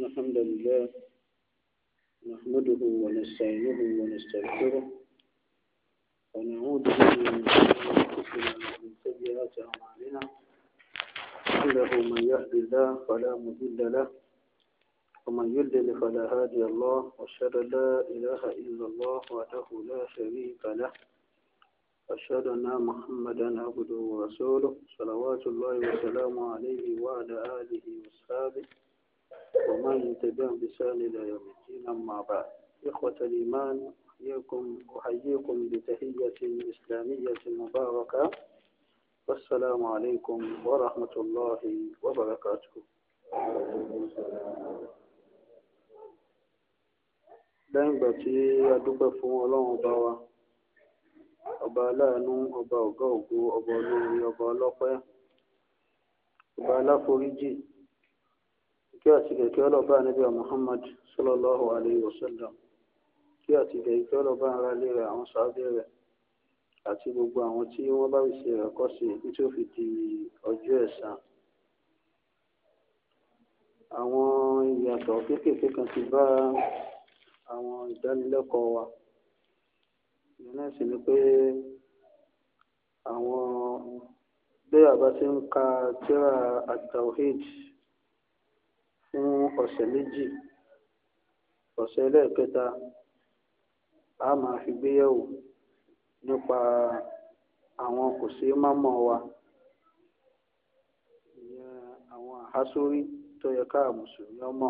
الحمد لله نحمده ونستعينه ونستغفره ونعوذ به من سيئات أعمالنا إنه من يهد الله فلا مضل له ومن يضلل فلا هادي الله وأشهد أن لا إله إلا الله وحده لا شريك له أشهد أن محمدا عبده ورسوله صلوات الله وسلامه عليه وعلى آله وأصحابه وما ينتبه بسؤال إلى يوم الدين أما بعد إخوة الإيمان أحييكم أحييكم بتحية إسلامية مباركة والسلام عليكم ورحمة الله وبركاته lẹ́yìn ìgbà tí a dúpẹ́ fún ọlọ́run ọba wa ọba aláàánú ọba ọ̀gá ògo ọba olórí ọba ọlọ́pẹ́ ọba aláforíjì kí àtìgẹ̀ kí ọlọ́ba níbi Muhammad sallallahu alayhi wa sallam kí àtìgẹ̀ kí ọlọ́ba ara lé rẹ̀ àwọn sáábẹ̀ gbogbo àwọn tí wọ́n bá fi ṣe ẹ̀kọ́ sí i tí ó fi di ọjọ́ ẹ̀san. àwọn ìyàtọ̀ kéékèèké kan ti bá àwọn ìdánilẹ́kọ̀ọ́ wa ìyẹn náà sì ni pé àwọn bí ti ń ka fún ọ̀sẹ̀ méjì ọ̀sẹ̀ ẹlẹ́ẹ̀kẹta a máa fi gbéyẹ̀wò nípa àwọn mọ̀ wa ìyẹn àwọn àhásórí tó yẹ káà mùsùlùmí ọmọ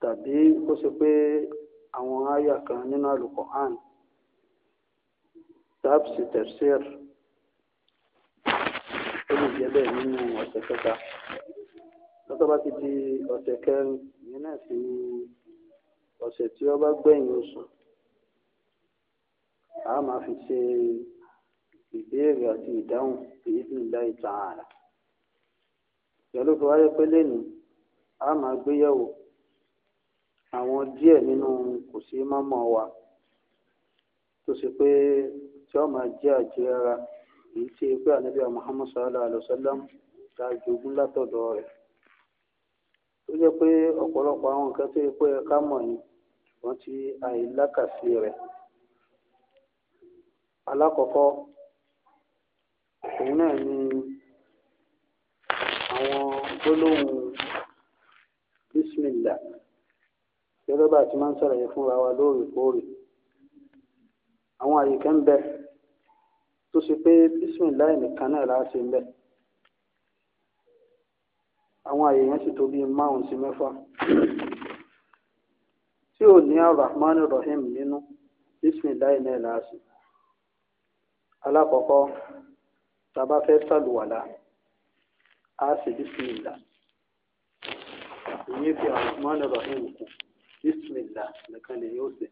tàbí kó ṣe pé àwọn àyà kan nínú àlùkò hàn tábìsì tẹ̀síẹ̀rì. ó lè jẹ́ bẹ́ẹ̀ nínú ọ̀sẹ̀ kẹta lọ́tọ́ bá ti di ọ̀sẹ̀ kẹrin ìyẹn náà sì ni ọ̀sẹ̀ tí ó bá gbẹ̀yìn oṣù a máa fi ṣe ìbéèrè àti ìdáhùn èyí ní ìlà ìtàn ààrà ìyàló fi wáyé pé lénìí a máa gbéyẹ̀wò àwọn díẹ̀ nínú kò sí mọ́mọ́ wa tó ṣe pé tí ó máa jẹ́ àjẹára. èyí tí pé ànábì Muhammad sallallahu ala wa sallam ta jogún látọ̀dọ̀ rẹ̀ tó jẹ́ pé ọ̀pọ̀lọpọ̀ àwọn nǹkan tó yẹ pé ká mọ̀ ni wọ́n ti àìlákàsí rẹ̀ alákọ̀ọ́kọ́ òun náà ni àwọn gbólóhùn bísímìlà gẹ́gẹ́ bá a ti máa ń sọ̀rọ̀ yẹn fúnra wa lóòrèkóòrè àwọn àyè kan tó ṣe pé bísímìláì nìkan náà la ṣe ń bẹ̀ àwọn àyè yẹn sì tó bíi márùn sí mẹ́fà tí ò ní arahman rahim nínú bísímìláì náà la ṣe alákọ̀ọ́kọ́ tá a bá fẹ́ sàlùwàlà á ṣe bísímìlá ìyẹn fi arahman rahim kù bísímìlá nìkan lè yóò ṣe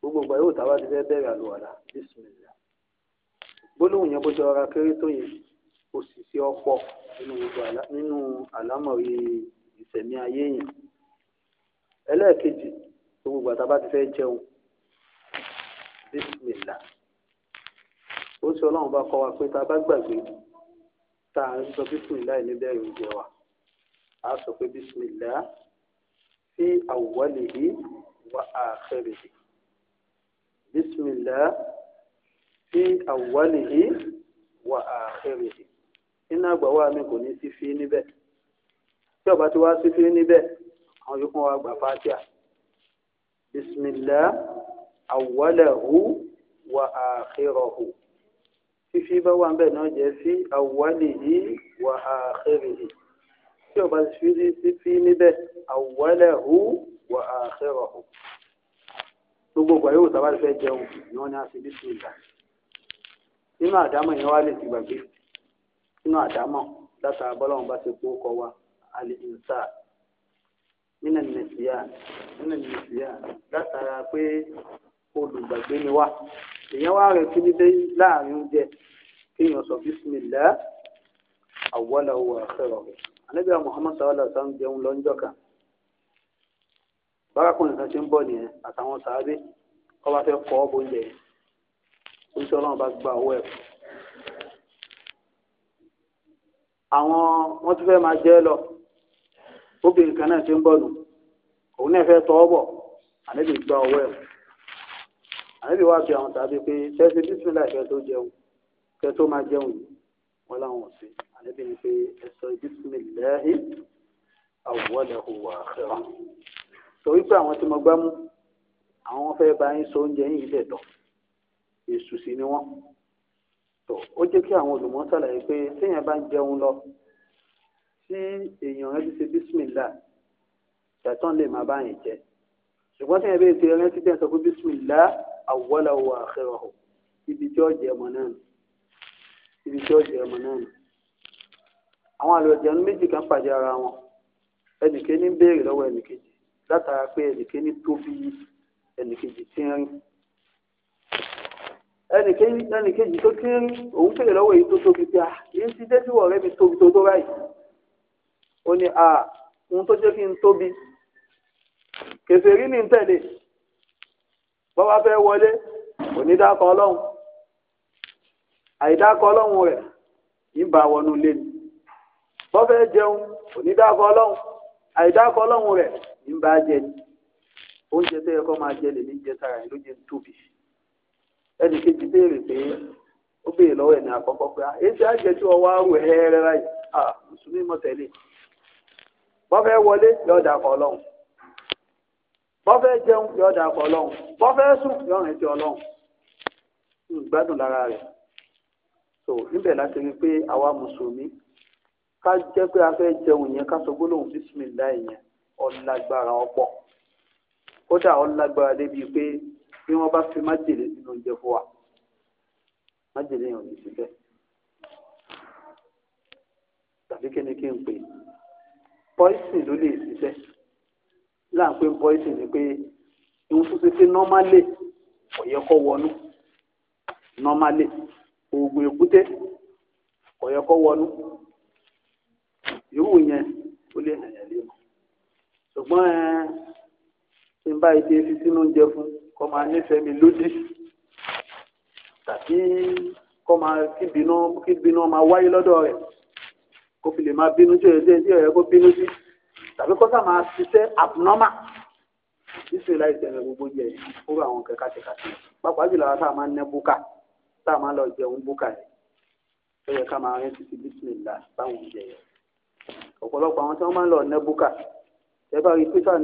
gbogbo ìgbà yóò tá ti fẹ́ bẹ̀rẹ̀ àlùwàlà bísímìlá gbólóhùn yẹn bó ṣe ọra kéré tó yẹn kò sì sí ọ̀pọ̀ nínú àlámọ̀rí ìṣẹ̀mí ayé yẹn ẹlẹ́ẹ̀kejì gbogbo gbàtà bá ti fẹ́ jẹun bísímìlà ó sọ ọlọ́run bá kọ́ wa pé tá a bá gbàgbé tá a ń sọ bísímìlà yìí níbẹ̀rẹ̀ oúnjẹ wa a sọ pé bísímìlà fi awwalihi wa akhirihi bísímìlà fi àwọ̀lìhí wà àkẹrìhì nínú àgbàwá mi kò ní sí fi níbẹ̀ tí ọba ti wá sí fi níbẹ̀ àwọn yòókù wa gbà fàtíà bisimilá àwọ̀lẹ̀hu wà àkẹrọ̀hu fífi bá wà bẹ́ẹ̀ náà jẹ́ fi àwọ̀lìhí wà àkẹrìhì tí ọba ti fi fi níbẹ̀ àwọ̀lẹ̀hu wà àkẹrọ̀hu gbogbo ìgbà yóò sábà fẹ́ jẹun ni wọ́n ní a ti bí nínú àdámọ̀ yẹn wá lè ti gbàgbé nínú àdámọ̀ látara bọ́lọ́run bá ti kó kọ wa alẹ́ ìnsá nínú nìsíyà nínú nìsíyà látara pé olùgbàgbé ni wá èèyàn wá rẹ̀ kí níbẹ̀ láàrin oúnjẹ kéèyàn sọ bísímìlá àwọ̀láwò àfẹ́rọ̀ rẹ̀ anábíà muhammad sallallahu alaihi wasallam jẹun lọ́njọ́ kan bárakùnrin kan ti ń bọ̀ nìyẹn àtàwọn sàábé kọ́ bá fẹ́ kọ́ ọ́ bóúnjẹ yẹn oṣù ọlọ́run bá gba owó ẹ̀. àwọn wọ́n ti fẹ́ máa jẹ́ lọ obìnrin kan náà ti ń bọ̀ nù òun náà fẹ́ tọ́ bọ̀ ànábì gba owó ẹ̀. ànábì wá bí àwọn tàbí pé tẹ́sí bísímìlà kẹ́ tó jẹun kẹ́ tó máa jẹun yìí wọ́n láwọn ò sí ni pé ẹ̀sọ́ bísímìlà yìí àwọ̀lẹ̀ òwò àfẹ́ràn. torí pé àwọn tí mo gbá mú àwọn fẹ́ bá yín so oúnjẹ yín ilé tọ̀ èṣù sí ni wọ́n tó ó jẹ́ kí àwọn olùmọ̀ ṣàlàyé pé téèyàn bá ń jẹun lọ tí èèyàn rẹ ti ṣe bísímìlà ṣàtàn lè má bá yẹn jẹ ṣùgbọ́n téèyàn bẹ́ẹ̀ ti rẹ́ títẹ̀ sọ pé bísímìlà awwalahu wa akhirahu ibi tí ó jẹ ọmọ náà ibi tí ó jẹ ọmọ náà àwọn àlùjànnú méjì kan pàdé ara wọn ẹnìkan ní béèrè lọ́wọ́ ẹnìkejì látara pé ẹnìkan ní tóbi ẹnìkejì tí ń rìn ẹnìkejì tó kéré òun kéré lọ́wọ́ èyí tó tóbi pé ah yìí ti dé síwọ̀ rẹ mi tóbi tó tó báyìí ó ní ah ohun tó jẹ́ kí n tóbi kèfèrí ní tẹ̀lé bọ́bá fẹ́ wọlé kò ní dákọ̀ ọlọ́run àìdákọ̀ ọlọ́run rẹ̀ ìbá wọnú ilé ni bọ́fẹ́ jẹun kò ní dákọ̀ ọlọ́run àìdákọ̀ ọlọ́run rẹ̀ ìbá jẹ ni oúnjẹ tó yẹ máa jẹ lèmi jẹ sára ẹ̀ ló jẹ tóbi ẹnì kejì béèrè pé ó béèrè lọ́wọ́ ẹni àkọ́kọ́ pé ah, èsì àjẹ́ tí wọ́n wá wẹ̀ hẹ́rẹ́ láì ah, mùsùlùmí mọ̀ tẹ́lẹ̀ bọ́ fẹ́ wọlé yọ ọ̀dà kọ́ ọlọ́run bọ́ fẹ́ jẹun yọ ọ̀dà kọ́ ọlọ́run bọ́ fẹ́ sùn yọ ọ̀rìn tí ọlọ́run ń gbádùn lára rẹ̀ so níbẹ̀ láti rí i pé àwa mùsùlùmí ká jẹ́ pé a fẹ́ jẹun yẹn ká sọ gbólóhùn bísímìlá yẹn ọ̀lágbára ọ̀pọ̀ kódà ọ̀lágbára débi pé bí wọ́n bá fi májèlé nínú oúnjẹ fún wa májèlé yẹn ò ní síbẹ̀ tàbí kí ni kí n pè pọ́ìsì ló lè síbẹ̀ láàpẹ́ pọ́ìsì ni pé ìwọ́n tó ṣe pé nọ́málè kò yẹ kó wọnú nọ́málè oògùn èkúté kò yẹ kó wọnú irú yẹn ó lè nàyàn lé mọ́ ṣùgbọ́n ẹ eh, tí bá yìí ti sínú oúnjẹ fún kọ́ máa nífẹ̀ẹ́ mi lódì tàbí kọ́ máa kí bínú kí bínú máa wáyé lọ́dọ̀ rẹ̀ kó fi lè máa bínú tí òye tí òye kó bínú sí tàbí kó sá máa ṣiṣẹ́ abnormal nísìnyí láì tẹ̀lé gbogbo jẹ yìí fúru àwọn kẹ̀kẹ́ kàtìkàtì pàápàá jùlọ àwọn tá a máa ń ná búkà tá a máa lọ jẹun búkà yìí ó yẹ ká máa rẹ́ títí bísímìlá báwọn oúnjẹ yẹn ọ̀pọ̀lọpọ̀ àwọn tí wọ́n máa ń lọ ná búkà ẹ bá rí peter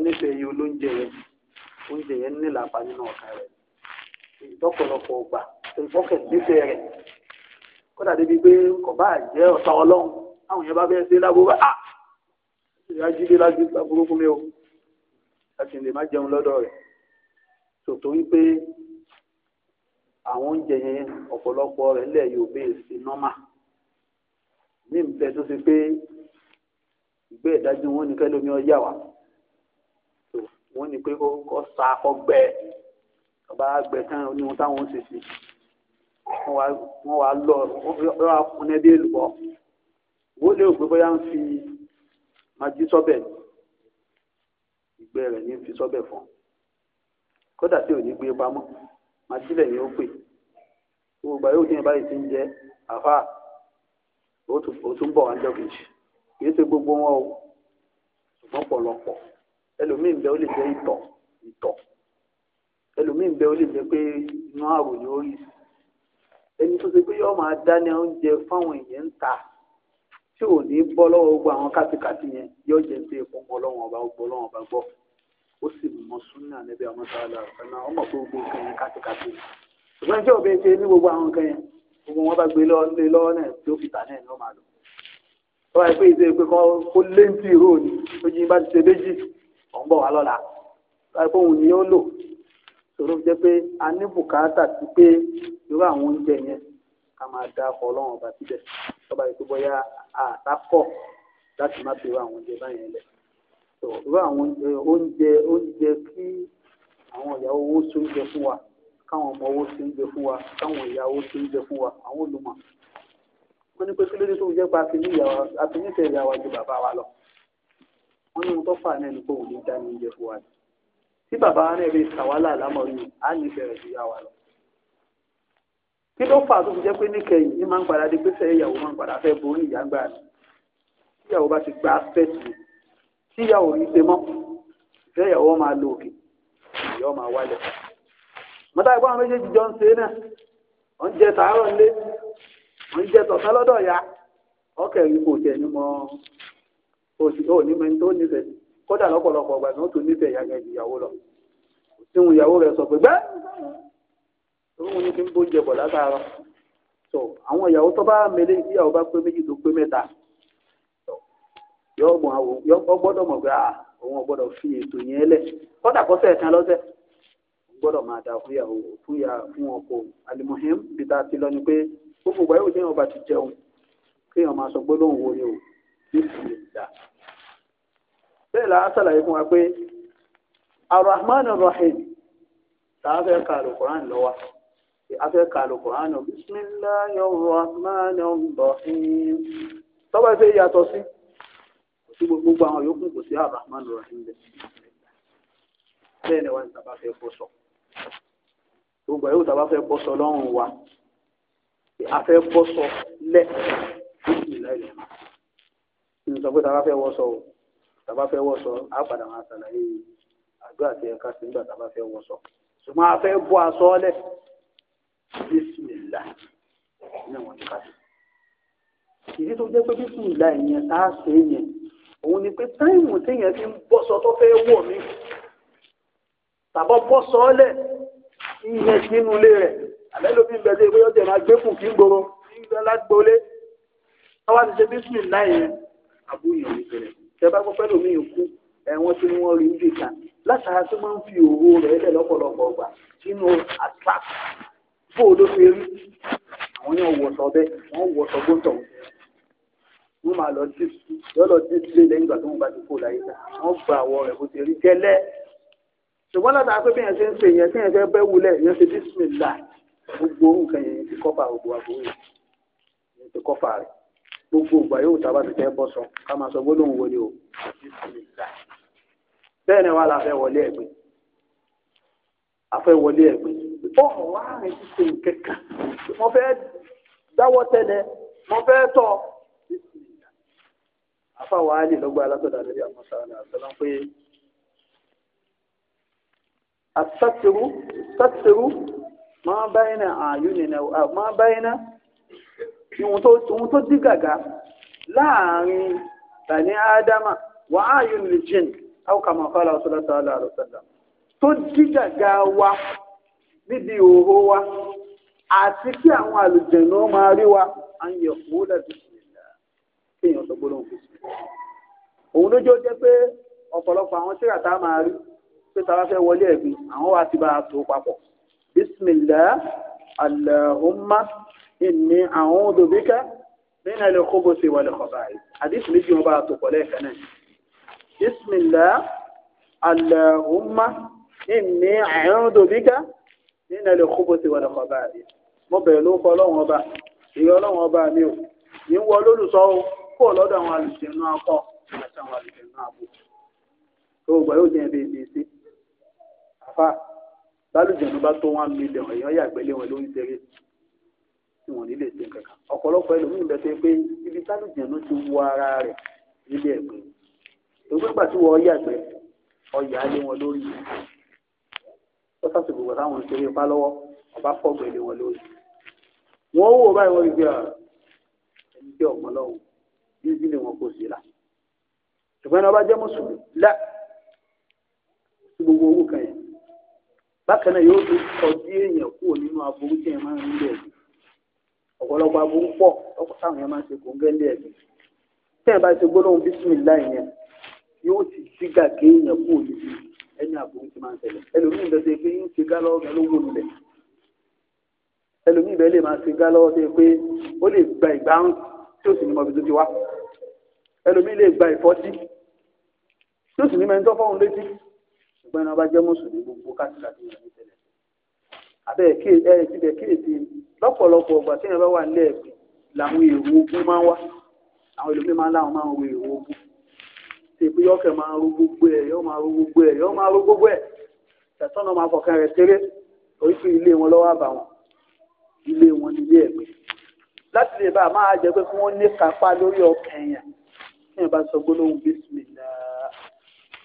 nífẹ̀ẹ́ yìí olóúnjẹ yẹn oúnjẹ yẹn ní làpá nínú ọ̀kan rẹ̀ ìtọ́pọ̀lọpọ̀ ọgbà ìfọ́kẹ̀ nífẹ̀ rẹ̀ kódà débi pé kò bá jẹ́ ọ̀tá ọlọ́run àwọn yẹn bá bẹ́ẹ̀ ṣe lábúrò á ìyá jíde lájú lábúrò fún mi o láti lè má jẹun lọ́dọ̀ rẹ̀ tòtò wípé àwọn oúnjẹ yẹn ọ̀pọ̀lọpọ̀ rẹ̀ ńlẹ̀ yóò bẹ́ẹ̀ sí nọ́mà ní ìfẹ́ tó ṣe pé ìgbé ìdájú wọn ni kẹ́lómi ọ yà wá wọ́n ní pé kó sa ọgbẹ́ ọba àgbẹ̀ tán ní ohun táwọn ń sèse wọ́n wá lọ wọ́n wá kún ẹbí èlùbọ́ wọ́n lérò pé bóyá ń fi májí sọ́bẹ̀ ìgbẹ́ rẹ̀ ní fi sọ́bẹ̀ fún kódà tí ò ní gbé pamọ́ májí lẹ̀ ni ó pè gbogbo àyè òkè yẹn báyìí ti ń jẹ àfa ó tún bọ̀ wá ń jọ kejì kì í ṣe gbogbo wọn o ṣùgbọ́n pọ̀lọpọ̀ ẹlòmíì ń bẹ ó lè jẹ́ ìtọ̀ ìtọ̀ ẹlòmíì ń bẹ ó lè jẹ́ pé inú àrò ni ó rí ẹni tó ṣe pé yóò máa dáná oúnjẹ fáwọn èèyàn ń ta tí ò ní bọ́ lọ́wọ́ gbogbo àwọn kátikàti yẹn yóò jẹ́ pé epo mọ́ lọ́wọ́ ọba gbọ́ lọ́wọ́ ọba gbọ́ ó sì mọ súnà níbi àwọn sáàlà ọ̀nà ọmọ tó gbogbo nǹkan yẹn kátikàti yẹn ṣùgbọ́n tí òbí ṣe ní gbogbo àwọn nǹkan yẹn gbogbo wọn bá gbé lé lọ́wọ́ náà tí ó fi tà náà ni ó máa lò. ó wáyé pé ìṣe pé kó léǹtì rò ní ojú bá ti ṣe méjì ń bọ̀ wá lọ́la láìpẹ́ òun ni ó lò sòrò jẹ́ pé a ní bùkátà sí pé irú àwọn oúnjẹ yẹn ká máa da ọkọ̀ ọlọ́run ọba síbẹ̀ tọ́ba yìí tó bọ́yá àtàkọ̀ láti má fi irú àwọn oúnjẹ báyẹn lẹ̀ tó irú àwọn oúnjẹ oúnjẹ kí àwọn ìyàwó owó sí oúnjẹ fún wa káwọn ọmọ owó sí oúnjẹ fún wa káwọn ìyàwó sí oúnjẹ fún wa àwọn olùmọ̀ wọ́n ní pé kí ló dé tó jẹ́ pé a fi ní ìyàwó a fi nífẹ̀ẹ́ ìyàwó ju bàbá wa lọ wọ́n ní wọ́n tó fà náà ní kó wòlé dání oúnjẹ fún wa ni tí bàbá wa náà bẹ kàwálà lámọ̀rí á ní bẹ̀rẹ̀ sí yá wa lọ. kí ló fà tó fi jẹ́ pé níkẹyìn ní máa ń padà dé pé fẹ́ ìyàwó máa ń padà fẹ́ borí ìyá gbà ní tíyàwó bá ti gba fẹ́ẹ̀tì tíyàwó yìí ṣe mọ́ ìfẹ́ ìyàwó máa lo òkè ìyàwó máa wálẹ̀. mọ́tà ìbọn àwọn méjèèjì jọ ń ṣe náà wọ́n jẹ oṣù tó ní mẹ́ni tó nífẹ̀ẹ́ kódà lọ́pọ̀lọpọ̀ ọgbà tí wọ́n tún nífẹ̀ẹ́ ìyá yẹn ìyàwó lọ tí wọn ìyàwó rẹ̀ sọ pé gbẹ́ òun ni kí n bóúnjẹ bọ̀ látàárọ̀ tó àwọn ìyàwó tó bá mele ìyàwó bá pé méjì tó pé mẹ́ta yọ gbọ́dọ̀ mọ̀ pé àwọn gbọ́dọ̀ fi ètò yẹn lẹ̀ kódà kọ́sẹ̀ kan lọ́sẹ̀ gbọ́dọ̀ máa dà fún ìyàwó fún ìyà fún ọkọ alimohim bíi tá a ti lọ ni pé gbogbo ìgbà yóò jẹ́ ìyàn ọba ti jẹun kéèyàn máa sọ gbólóhùn wo ni o bismillah bẹ́ẹ̀ la ṣàlàyé fún wa pé arahman rahim tá a fẹ́ ka alukuran lọ́wọ́ a ka alukuran rahim tọ́ba ṣe yàtọ̀ sí kò sí gbogbo àwọn yòókù kò sí arahman rahim bẹ́ẹ̀ bẹ́ẹ̀ ni wọ́n tàbá fẹ́ gbogbo fẹ́ lọ́rùn wa nínú sọ pé tá a bá fẹ́ wọṣọ o tá a bá fẹ́ wọṣọ á padà máa ṣàlàyé àdúrà tí ẹ ká sí nígbà tá a bá fẹ́ ṣùgbọ́n a fẹ́ bọ́ aṣọ lẹ̀ bísímìlà ní àwọn ìka sí. ìdí tó jẹ́ pé bísímìlà ìyẹn tá a ṣe yẹn òun ni pé táìmù téèyàn fi ń bọ́sọ tó fẹ́ wọ̀ mí tàbọ̀ bọ́sọ lẹ̀ ìyẹn sínú ilé rẹ̀ àbẹ́lómi ń bẹ sí pé ọjà máa gbé fún kí ń gbòòrò ń gbẹ lágbólé tọ́wọ́ ti ṣe bísímìlà yẹn abúyàn ìbẹ̀rẹ̀ tẹ bá gbọ́pẹ́ lómi ìkú ẹ̀wọ̀n tí wọ́n rí ibi kan látara tó máa ń fi òwò rẹ̀ lẹ̀ lọ́pọ̀lọpọ̀ ọgbà sínú attract fóò ló fi rí àwọn yẹn wọ̀sọ̀ bẹ́ẹ̀ wọ́n wọ̀sọ̀ gbọ́ntọ̀ wọ́n máa lọ sí lọ́lọ́ sí ilé lẹ́yìn ìgbà tó wọ́n bá ti kó láyé ta wọ́n gba àwọ̀ rẹ̀ bó ti rí gẹ́lẹ́ ṣùgbọ́n látara pé bẹ́ẹ̀ ṣe ń ṣe yẹn tẹ́yẹ̀ fẹ́ bẹ́ wulẹ̀ yẹn ṣe bísímìlà gbogbo orúkọ yẹn ti kọ́fà gbogbo àbúrò yẹn ti kọ́fà rẹ̀ gbogbo ìgbà yóò tá a bá ti fẹ́ bọ́ sọ ká máa sọ gbólóhùn wọlé o bẹ́ẹ̀ ni wàá la fẹ́ wọlé ẹ̀gbìn a fẹ́ wọlé ẹ̀gbìn ọ̀hún wàá rìn ṣíṣe nǹkankan mo fẹ́ dáwọ́ tẹ́lẹ̀ mo fẹ́ tọ́ afa wàá lè lọ́gbà alásọ̀dà lórí àwọn sàrànà àṣàlá pé àṣàṣerú ṣàṣerú máa báyìí náà àyùn nìyẹn máa báyìí náà ohun tó dí gàgà láàrin bani ádámà wà á yóò lè jìn àwòkàmọ fàlà ọsọlọsọ àlàrọsọlọ tó dí gàgà wa níbi òhó wa àti kí àwọn àlùjẹ̀nù máa rí wa à ń yẹ kó dàbí ìlà kéèyàn sọ gbólóhùn fèsì òun lójó jẹ́ pé ọ̀pọ̀lọpọ̀ àwọn tíra máa rí pé tá a bá fẹ́ wọlé ẹ̀gbin àwọn wa ti bá a tó papọ̀ bisimilah alahumma inni a'udhu bika min al-khubuthi wal-khaba'ith àdìsí méjì wọn bá a tó pọ̀ lẹ́ẹ̀kan náà bismillah allahumma inni a'udhu bika min al-khubuthi wal-khaba'ith mo bẹ̀rẹ̀ ló kọ́ ọlọ́run ọba ìrẹ́ ọlọ́run ọba mi ò ní wọ lólùsọ o kó lọ́dọ̀ àwọn àlùjẹ̀nu akọ àti àwọn àlùjẹ̀nu abo tó gbà yóò jẹ́ ẹbí ìdí sí àfa lálùjẹ̀nu bá tó one million èèyàn yàgbẹ́lé wọn ló ń tí wọ́n nílé ṣe kankan ọ̀pọ̀lọpọ̀ ẹlòmíín bẹ ṣe pé ibi sálùjẹ̀ ló ti wọ ara rẹ̀ nílé ẹ̀gbẹ́ ìwé gbà tí wọ́n yàgbẹ́ ọyà lé wọn lórí ó sàṣùgbò wọ́n táwọn ìṣeré ipá lọ́wọ́ ọba fọ́gbẹ́ lé wọn lórí wọ́n wò báyìí wọ́n rí bí ẹni tí ọ̀gbọ́n lọ́wọ́ yíyí ni wọn kò sí la ṣùgbọ́n ní ọba jẹ́ mùsùlùmí lá sí gbogbo owó kan yẹn bákan náà yóò tún kọjú èèyàn kúrò nínú aburú tí ẹ máa ń rí lẹ́yìn ọ̀pọ̀lọpọ̀ aburú pọ̀ lọ́pọ̀ táwọn yẹn máa ń ṣe kò ń gẹ́lẹ́ ẹ̀mí tẹ́yìn bá ṣe gbólóhùn bísímìlá yẹn yóò ti sígà kéèyàn kú òye sí ẹni aburú ti máa ń tẹ̀lé ẹlòmíì bẹ́ẹ̀ ṣe pé ń ṣe gá lọ́wọ́ ló wò lulẹ̀ ẹlòmíì bẹ́ẹ̀ lè máa ṣe gá lọ́wọ́ ṣe pé ó lè gba ìgbà ń tí ó sì ní mọ ibi tó ti wá ẹlòmíì lè gba ìfọ́tí tí ó sì ní mẹ́ńtọ́ fọ́hún létí ṣùgbọ́n ẹni wọn bá jẹ́ mùsùlùmí gbogbo lọ́pọ̀lọpọ̀ ọgbà tí yẹn bá wà nílẹ̀ ẹ̀gbẹ́ làwọn èrò ogun máa ń wá àwọn èlòmí máa ń láwọn máa ń wo èrò ogun ṣe pé yọ́kẹ̀ máa ń ro gbogbo ẹ̀ yọ́ máa ro gbogbo ẹ̀ yọ́ máa ro gbogbo ẹ̀ tẹ̀sán máa fọ̀kàn rẹ̀ ṣeré oríṣi ilé wọn lọ́wọ́ àbà wọn ilé wọn ní ilé ẹ̀gbẹ́ láti lè bá a máa jẹ pé kí wọ́n ní kápá lórí ọkàn èèyàn tí yẹn bá sọ gbólóhùn bísímìlà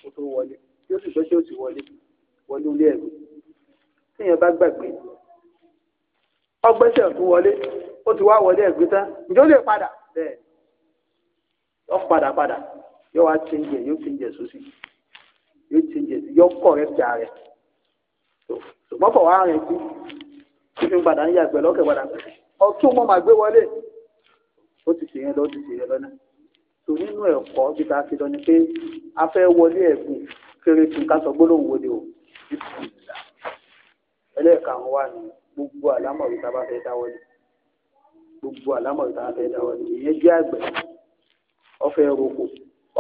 kó tó wọlé tí ó sì gbọ́ tí ó sì wọlé wọlé ilé ẹ̀gbẹ́ tí yẹn bá gbàgbé ọgbẹ́sẹ̀ tún wọlé ó ti wá wọlé ẹ̀gbẹ́ tán ǹjẹ́ lè padà bẹ́ẹ̀ yọ padà padà yọ wá ti ń jẹ yóò ti sósì yóò yọ kọ̀ rẹ ti ààrẹ ṣùgbọ́n wá ààrẹ ti fífi padà ń padà ọtún lọ ó ti lọ náà nínú ẹ̀kọ́ wọlé ẹ̀gbìn kéré tún ká o wà gbogbo àlámọ̀rí tá a bá fẹ́ dáwọ́ lé gbogbo àlámọ̀rí tá a fẹ́ dáwọ́ lé ìyẹn jẹ́ àgbẹ̀ ọ̀fẹ́ roko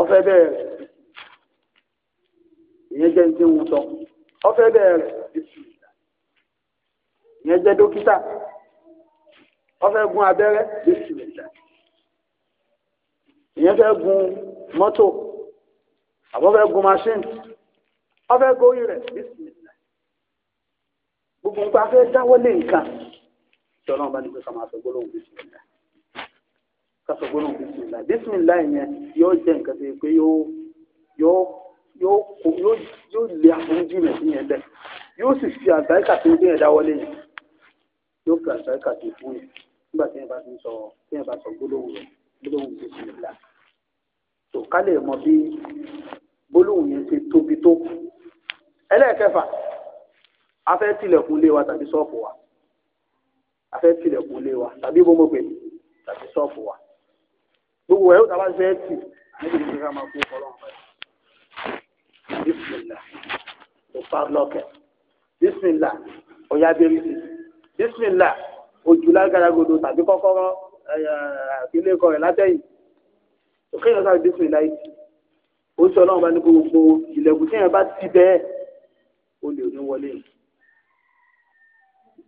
ọ̀fẹ́ bẹ̀rẹ̀ ìyẹn jẹ́ ní tí ń wutọ́ ọ̀fẹ́ bẹ̀rẹ̀ ìyẹn jẹ́ dókítà ọ̀fẹ́ gun abẹ́rẹ́ ìyẹn fẹ́ gun mọ́tò àbọ̀fẹ́ gun machine ọ̀fẹ́ gorí rẹ̀ bísí gbogbo nǹkan afẹ́ dáwọ́ lé nǹkan tí ọlọ́run bá ní pé ká máa sọ gbólóhùn bísímìlá ká sọ gbólóhùn bísímìlá bísímìlá yẹn yóò jẹ́ nǹkan tó yẹ pé yóò yóò yóò yóò lé àforíjì rẹ̀ sí yẹn bẹ́ẹ̀ yóò sì fi àgbáríkà tó ń gbé yẹn dáwọ́ lé yẹn yóò fi àgbáríkà tó fún yẹn nígbà tí yẹn bá ti sọ tí yẹn bá sọ gbólóhùn rẹ̀ gbólóhùn bísímìlá tó ká lè mọ bí gbólóhùn yẹn ti tóbi tó ẹlẹ́ẹ̀kẹfà a fẹ́ tilẹ̀kùn lé wa tàbí ṣọ́ọ̀fù wa a fẹ́ tilẹ̀kùn lé wa tàbí gbogbo pè tàbí ṣọ́ọ̀fù wa gbogbo ẹ̀ ó tàbá fẹ́ tì níbi ìdílé ká máa kú ọlọ́run pẹ̀lú bisimilá o fa lọ́kẹ̀ bisimilá o yá bẹ́rẹ̀ sí bisimilá ojú lágàdàgodo tàbí kọ́kọ́rọ́ ilé kọ́ rẹ̀ látẹ̀yìn O yẹn sáré bisimilá yìí ó sọ ọlọ́run bá ní gbogbo ilẹ̀kùn tí yẹn bá ti bẹ́ẹ̀ o lè ní wọlé yìí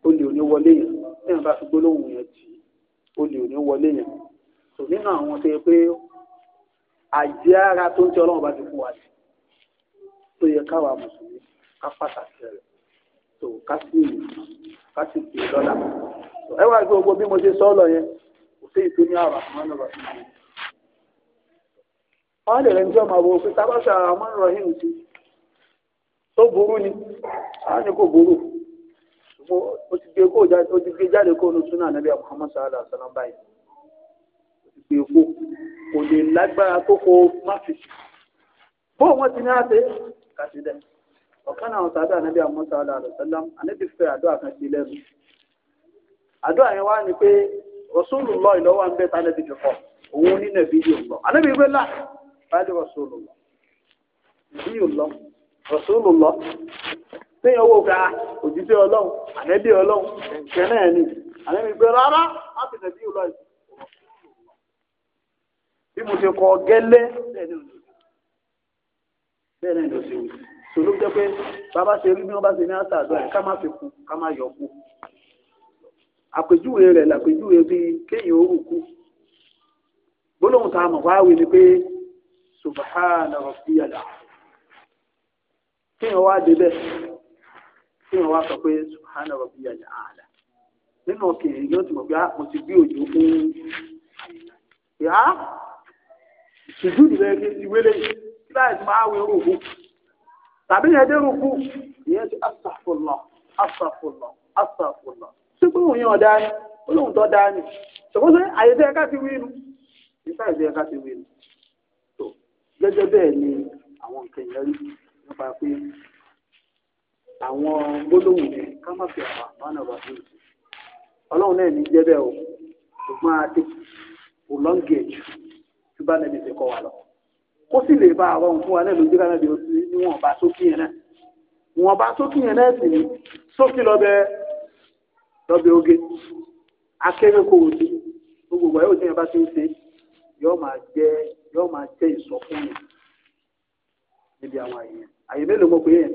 olè òní wọlé yẹn tẹ́yìn bá fi gbólóhùn yẹn tì í olè òní wọlé yẹn tò nínú àwọn tó yẹ pé àjẹ́ ara tó ń tẹ ọlọ́run bá ti fún wa sí tó yẹ káwa mùsùlùmí ká pàtàkì rẹ̀ tó ká sì ká sì pè é e lọ́la ẹ wá gbé gbogbo bí mo ṣe sọ ọ́ yẹn kò sí ìpín ní àrà àmọ́ náà bàtà mi. wọ́n lè rẹ̀ ń jẹ́ ọmọ òfin tábàṣà àmọ́ ìrọ̀hìn sí tó burú ni àwọn ni kò burú. ó ti gbé kó ti jáde kó nu súnà nàbí Muhammad sallallahu alaihi báyìí ó ti gbé kò lè lágbára fi bó wọn ti ní àṣẹ kàṣí dẹ náà sàdá nàbí Muhammad sallallahu alaihi wasallam ànábì àdúrà kan sí àdúrà yẹn wá ni pé tá òun lọ téèyàn wò ká ah, òjíṣẹ́ ọlọ́run ànẹ́bí ọlọ́run ẹ̀ǹkẹ́ náà ni ànẹ́bí gbé rárá láti nẹ̀bí ìlú ẹ̀ bí mo ṣe kọ gẹ́lẹ́ bẹ́ẹ̀ náà ló ṣe wù sọlọ jẹ́ pé bàbá ṣe rí bí wọ́n bá ṣe ní àṣà àdúrà ká má fi kú ká má yọ kú àpèjúwe rẹ̀ làpèjúwe bíi kéèyàn ó rù kú gbólóhùn tá a mọ̀ wá wí ni pé subahana rabbiyal a'la kéèyàn wá débẹ̀ kí wọn wá sọ pé subhana rabbi yàrá àlà nínú ọkẹ yìí yóò ti mọ pé ah, mo ti gbé òjò fún yá ah, ìṣùjú ìrẹ ti wélé kí láì tó máa wé rúkú tàbí yẹn dé rúkú ìyẹn ti asàfùlọ asàfùlọ asàfùlọ ṣé pé òun yẹn ọ̀dà ni olóhùn tó dáa ni ṣòkòtò àyètẹ́ ẹ̀ka ti wí nu nípa ìdí ẹ̀ka ti wí nu gẹ́gẹ́ bẹ́ẹ̀ ni àwọn nǹkan yẹn rí nípa pé àwọn gbólóhùn yẹn ká má fi àwọn àmọ́nà wà ní òsì ọlọ́run náà ní jẹ́bẹ̀ o ṣùgbọ́n adé kò lọ́ngẹ̀jù tí bá nàbì ti kọ́ wa lọ kó sì lè bá àwọn òǹfún wa náà lójú ká nàbì òsì níwọ̀n bá sókè yẹn náà ìwọ̀n bá sókè yẹn náà sì ní sókè lọ́bẹ̀ lọ́bẹ̀ oge akéré kò wò sí gbogbo ẹ̀ òtí yẹn bá ti ń ṣe yóò máa jẹ́ yóò máa jẹ́ ìsọfúnni níbi àwọn àyè àyè mélòó mo pè yẹn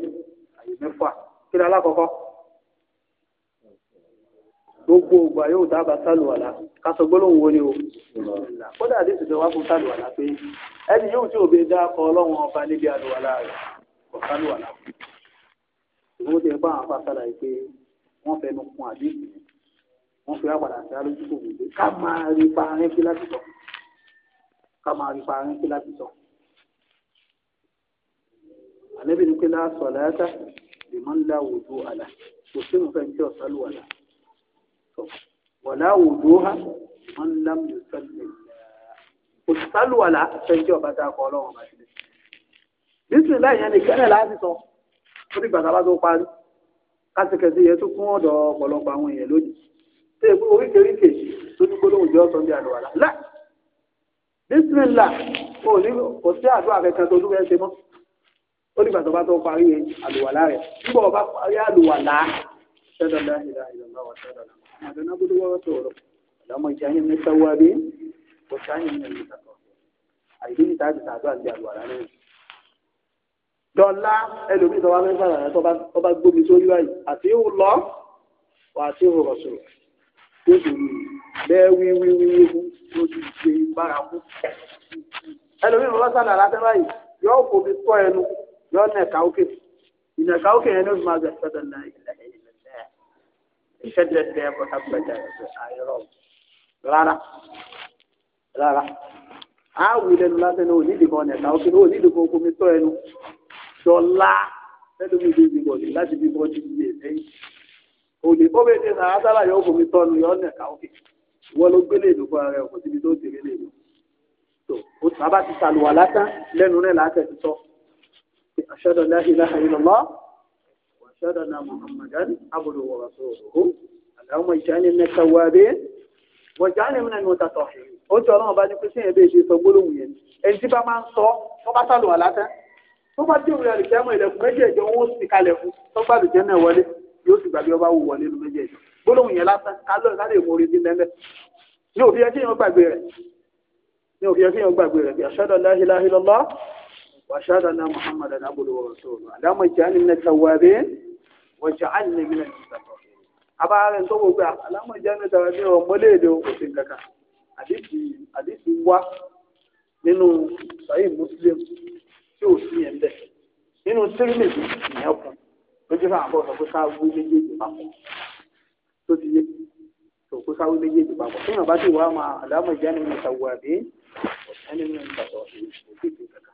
mẹ́fà kí ni alákọ̀ọ́kọ́ gbogbo ògbà yóò dábàá sálùwàlà ká sọ gbólóhùn wo ni o kódà àdéhùn ti wá fún sálùwàlà pé ẹni yóò tí òbí dá kọ ọlọ́run ọba níbi àlùwàlà rẹ̀ kọ sálùwàlà ìwọ́n ti bá àwọn afásálà yìí pé wọ́n fẹnu kun àdéhùn wọ́n fi àpàdà sí alójú kò wù pé ká máa rí pa arẹ́ńkí láti sọ ká máa rí pa arẹ́ńkí láti sọ ànábì ní pé láàsọ àlàyáta lè máa ń la òdo àlà kò sí nǹkan tí ọ̀sá lù àlà wà láwùjọ ha máa ń lá mi sálù kò sálù àlà fẹ́ẹ́ tí ọba dáa kọ ọlọ́run bá tilẹ̀ bísí láì yẹn nìkan náà láti sọ ó ní gbàgbà bá tó parí kásìkẹsì yẹn tó kún ọ̀dọ̀ ọ̀pọ̀lọpọ̀ àwọn èèyàn lónìí tó èkó oríkèéríkèé tó ní gbólóhùn jẹ́ ọ̀sán bí àlùwàlà láì bísímìlà kò sí àdúrà kankan tó dúró ẹ ṣe mọ́ ó nígbà tó bá tó parí àlùwàlá rẹ̀ nígbà tó bá parí àlùwàlá ṣẹ́dọ̀ náà ìlà ìlànà wà ṣẹ́dọ̀ náà àdánà gbọ́dọ̀ wọ́n sọ̀rọ̀ ọ̀dọ́mọ ìjáyé ní sáwá bí kò sáyé ní ìlú sàkọ́ àìdí ìta ti sàdúrà ní àlùwàlá rẹ̀ dọ́là ẹlòmíì tó bá fẹ́ fàrà rẹ̀ tó bá gbómi sórí báyìí àti ìhù lọ wà àti ìhù rọ̀ sọ̀rọ̀ tó sì rí bẹ́ẹ̀ wí wí wí wí fún tó ti ṣe bárakú ẹlòmíì tó bá sàdúrà látẹ́ báyìí yọ yọ ọ̀nà ẹ̀ka òkè ìnà ẹ̀ka òkè yẹn ló fi máa bẹ̀ sọ́dọ̀ náà ìlẹ̀ ìlẹ̀ ìṣẹ́dẹ̀ẹ́dẹ́ bọ́tà gbẹ̀dẹ̀ àìrọ̀ rárá rárá a wù lẹ́nu lásán ní onídìbò ọ̀nà ẹ̀ka òkè ní onídìbò omi tọ́ ẹnu sọlá lẹ́nu mi bíi bọ̀ ní láti bíi bọ́ ti di èlé òní ó bẹ ṣe sàrà sára yọ òfò mi tọ́nu yọ ọ̀nà ẹ̀ka òkè wọ́n ló gbélé ìlú fún ara ẹ̀ kò síbi tó ti rí lè lò tó bàbá ti sàlùwà lásán lẹ́nu rẹ̀ láti ẹ̀ ti tọ́ أشهد أن لا إله إلا الله وأشهد أن محمدا عبده ورسوله اللهم اجعلني من التوابين واجعلني من المتطهرين ó ti ọlọ́run bá ní pé sí ẹ̀bẹ̀ ìṣe sọ gbólóhùn yẹn ẹni tí bá máa ń sọ tó bá sálùwà látẹ́ tó bá dé òwúrẹ́ àlùjẹ́mọ̀ ilẹ̀kùn méjèèjọ wọn sì kalẹ̀ fún tó gbà náà wọlé yóò sì gbàgbé ọba wù wọlé nu méjèèjọ gbólóhùn yẹn lásán kálọ̀ lálẹ́ ìmọ̀ sí lẹ́lẹ̀ ní òfin yẹn gbàgbé rẹ̀ ní òfin yẹn gbàgbé rẹ̀ bí aṣọ́dọ̀ láhìláhìlọ́lá وأشهد أن محمدا عبده ورسوله اللهم اجعلني من التوابين واجعلني من المتطهرين abáàrẹ̀ tó gbogbo alámọ̀jáde dára ní ọmọléèdè òfin kankan àdìsí wá nínú sahih muslim tí ò sí yẹn bẹ́ẹ̀ nínú tírímìtì ìyẹn kù lójú fún àbọ̀ sọ pé káwé méjèèjì papọ̀ tó ti yé sọ pé káwé méjèèjì papọ̀ fún yàrá bá ti wá máa alámọ̀jáde ní ìtàwọ̀ àbí ọ̀sán nínú ìtàwọ̀ àbí òfin kankan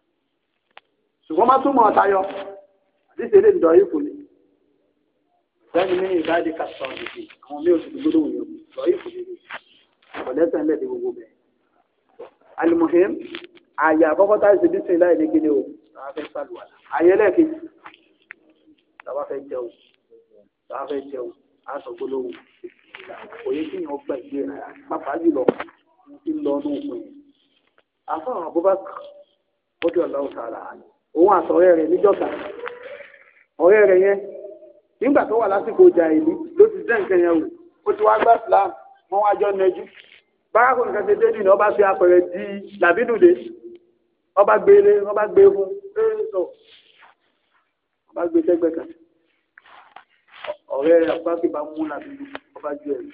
ṣùgbọ́n má túmọ̀ ọ̀tá yọ àdìsí eré ìdọ̀ yìí kò ní. sẹ́ni ní ìbáàdì kàṣọ òdìdì àwọn mí oṣù gbogbo òun yòókù lọ yìí kò ní ní ọ̀lẹ́sẹ̀ ńlẹ̀ ní gbogbo bẹ́ẹ̀. alimuhim àyà àkọ́kọ́ tá ìṣe bísí láì ní kíni o tàbá fẹ́ sàlùwàlà àyẹlẹ̀ kejì tàbá fẹ́ jẹun tàbá fẹ́ jẹun aṣọ gbólóhùn òye kí ni ọgbà ìgbé rẹ pápá jùlọ ti lọ ó dé ọ̀la ọ̀tá òun àtọ̀rẹ́ rẹ̀ níjọ́ta ọ̀rẹ́ rẹ̀ yẹn nígbà tó wà lásìkò ìjà ìlú ló ti dẹ́ nǹkan yẹn wò ó ti wá gbá Islam wọ́n wá jọ nẹjú bárakò nǹkan ṣe dé nìyí ọba ṣe apẹ̀rẹ̀ di làbídùdé ọba gbélé ọba gbé fún ẹ̀ẹ́sọ ọba gbé sẹ́gbẹ̀ kan ọ̀rẹ́ àbúrákì bá mú làbídù ọba ju ẹ̀rí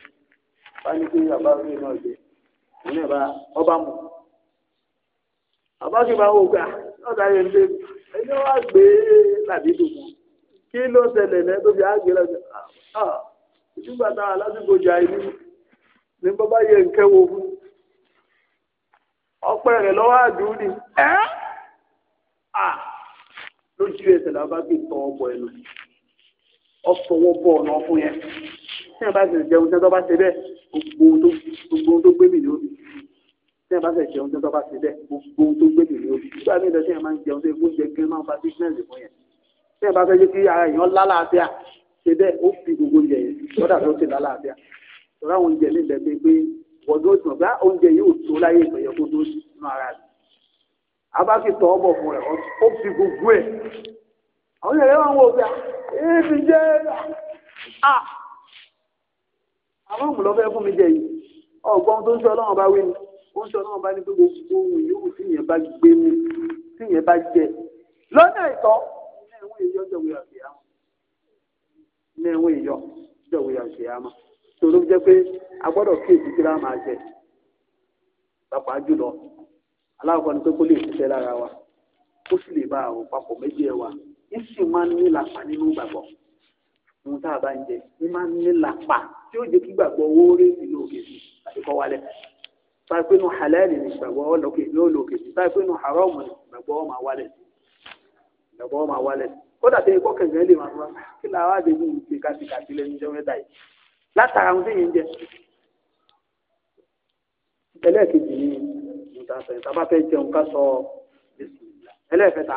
bá ní pé àbá rẹ̀ náà jẹ ọba mú àbáṣe máa wò ah, gbà lọ́dà yẹn lé ẹni wá gbé làbí dùnkù kí ló ṣẹlẹ̀ lẹ́ tó fi àgbẹ̀ lọ́dà ah, ah ìdúgbà táwa lásìkò jà ìlú ní bọ́bá yẹ nǹkẹ́ wo fún ọpẹ́ rẹ̀ lọ́wọ́ àdúrú ni ẹ́ ah lójú ẹsẹ̀ làwọn bá fi tọ́ ọ̀pọ̀ ẹ̀ lọ ọ̀fọwọ́ bọ̀ ọ̀nà fún yẹn tí wọ́n bá ti jẹun tí wọ́n bá ti bẹ́ẹ̀ gbogbo tó gbé mi ní omi tí ẹ bá fẹ́ jẹun tó bá ti bẹ́ gbogbo tó gbé nìyí o nígbà míì lọ sí ẹ máa ń jẹun tó oúnjẹ gan máa ń fa bísínẹ́sì fún yẹn tí ẹ bá fẹ́ jẹ́ kí ara èèyàn lálàáfíà ṣe bẹ́ẹ̀ ó fi gbogbo oúnjẹ yẹn lọ́dà tó ti lálàáfíà tọ́lá oúnjẹ mi bẹ̀ pé pé wọ́dún òsùn bá oúnjẹ yìí ò tó láyé ìgbẹ̀yẹ kó tó sínú ara rẹ̀ abáfi tọ́ ọ̀bọ̀ fún rẹ̀ ó fi gbogbo ẹ̀ àwọn èèyàn wọn wò pé èébì jẹ́ à àwọn òmùlọ́fẹ́ wọ́n sọ náà bá ní pé gbogbo ohun yòówù tí ìyẹn bá gbé mu tí ìyẹn bá jẹ lọ́nà ìtọ́ ní ẹ̀wọ̀n èyọ jọ̀wé àṣeyàmọ́ ní ẹ̀wọ̀n èyọ jọ̀wé àṣeyàmọ́ tòun ló jẹ́ pé a gbọ́dọ̀ kí èsì kíra máa jẹ pàápàá jùlọ aláwọ̀ ni pé kó lè ṣiṣẹ́ lára wa kó sì lè bá àwọn papọ̀ méjì ẹ̀ wa yín sì máa ń ní làpá nínú ìgbàgbọ́ ohun tá a bá ń jẹ yín máa ń ní làpá tí ó jẹ́ kí gbàgbọ́ owó rèé sí lóògì sí àti kọ́ wálẹ̀ táyì pé nu halali ni ìgbàgbọ́ ọlọ́kè yóò lòkè sí táyì pé nu haramu ni ìgbàgbọ́ ọmọ àwálẹ̀ ìgbàgbọ́ ọmọ àwálẹ̀ kódà tẹ ikọ́ kẹ̀kẹ́ lè máa fún kí ni àwa àdébù ti kàtìkàtì lẹ́nu jẹ́ mẹ́ta yìí látara ohun tí yìí ń jẹ. ẹlẹ́ẹ̀kejì ni ìta sọ ìta bá fẹ́ jẹun ká sọ ẹlẹ́ẹ̀kẹta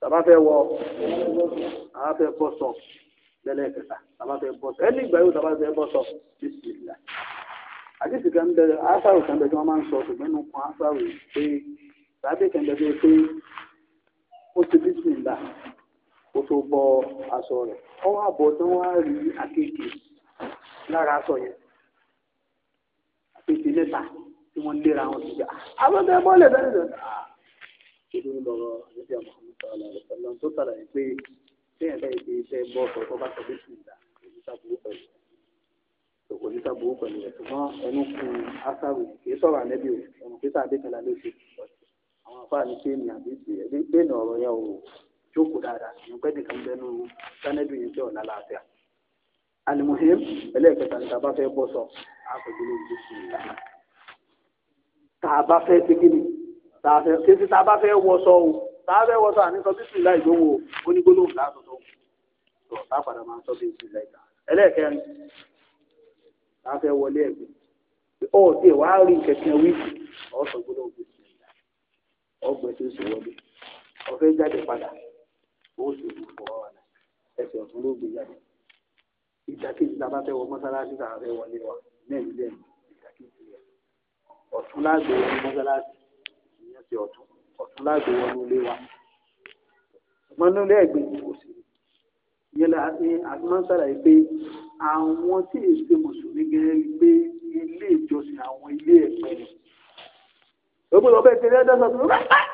tàbá wọ tàbá fẹ́ sọ lẹ́lẹ́kẹta tàbá fẹ́ sọ ẹni ìgbà yóò tàbá fẹ́ sọ bísí ìlà àdìsí kan bẹ ásáwò kan bẹ tí wọ́n máa ń sọ ṣùgbọ́n nínú kan ásáwò pé tàbí kan bẹ pé ó ti bísímìlà kó tó bọ aṣọ rẹ̀ ọ wá bọ̀ tí wọ́n á rí àkejì lára aṣọ yẹn àkejì mẹ́ta tí wọ́n léra wọn sí i àwọn bọ́ọ̀lù ẹ̀dá nìyẹn ìdúró lọ́rọ̀ níbi àwọn ọmọọmọ ọlọ́run tó tàlàyé pé téèyàn bẹ́ẹ̀ ti iṣẹ́ bọ́ọ̀sọ̀ bá sọ bí sùn èyí sábúrú pẹ̀lú kò ní sábúrú pẹ̀lú rẹ̀ ṣùgbọ́n ẹnu kun asaru kìí sọ̀rọ̀ ànẹ́bí o ẹnu pé sáà bẹ́tẹ̀ la ló ṣe àwọn afáà ní péènì àbí ti ẹ̀dí péènì ọ̀rọ̀ yẹn o jókòó dáadáa ìyẹn pẹ́ nìkan bẹnu sánẹ́bí yẹn jẹ́ ọ̀la láàfíà. alimuhim ẹlẹ́ẹ̀kẹta ni tàbá fẹ́ bọ́ sọ àpèjúwe ìlú sí i tàbá fẹ́ tẹ́kínì tàbá fẹ́ wọṣọ o tàbá fẹ́ wọṣọ àní sọ bísíláì lówó onígbólóhùn láàtọ̀tọ̀ láwọn fẹ́ wọlé ẹ̀gbẹ́ ọ̀ tí ẹ̀ wáá rí kẹ̀kẹ́ wí ọ̀sán gbọ́dọ̀ gbé sí ẹ̀dá ọgbẹ́ tó sì wọlé ọ̀fẹ́ jáde padà ó sì wù fọwọ́ wà náà ẹsẹ̀ ọ̀tún ló gbé jáde ìdákejì tá a bá fẹ́ wọ mọ́sálásí tá a fẹ́ wọlé wa mẹ́rin lẹ́yìn ìdákejì rẹ̀ ọ̀tún láàgbé wọnú mọ́sálásí ìyẹn ti ọ̀tún ọ̀tún láàgbé wọnú ilé wa mọ́nú lẹ́ẹ̀gbẹ́ kò sí àwọn tí èyí ṣe mùsùlùmí gẹ́gẹ́ rí pé ilé ìjọsìn àwọn ilé ẹ̀pẹ́ ni. ògbóló bẹ́ẹ̀ ti rí ẹjọ́ sọ fún mi ah, ah,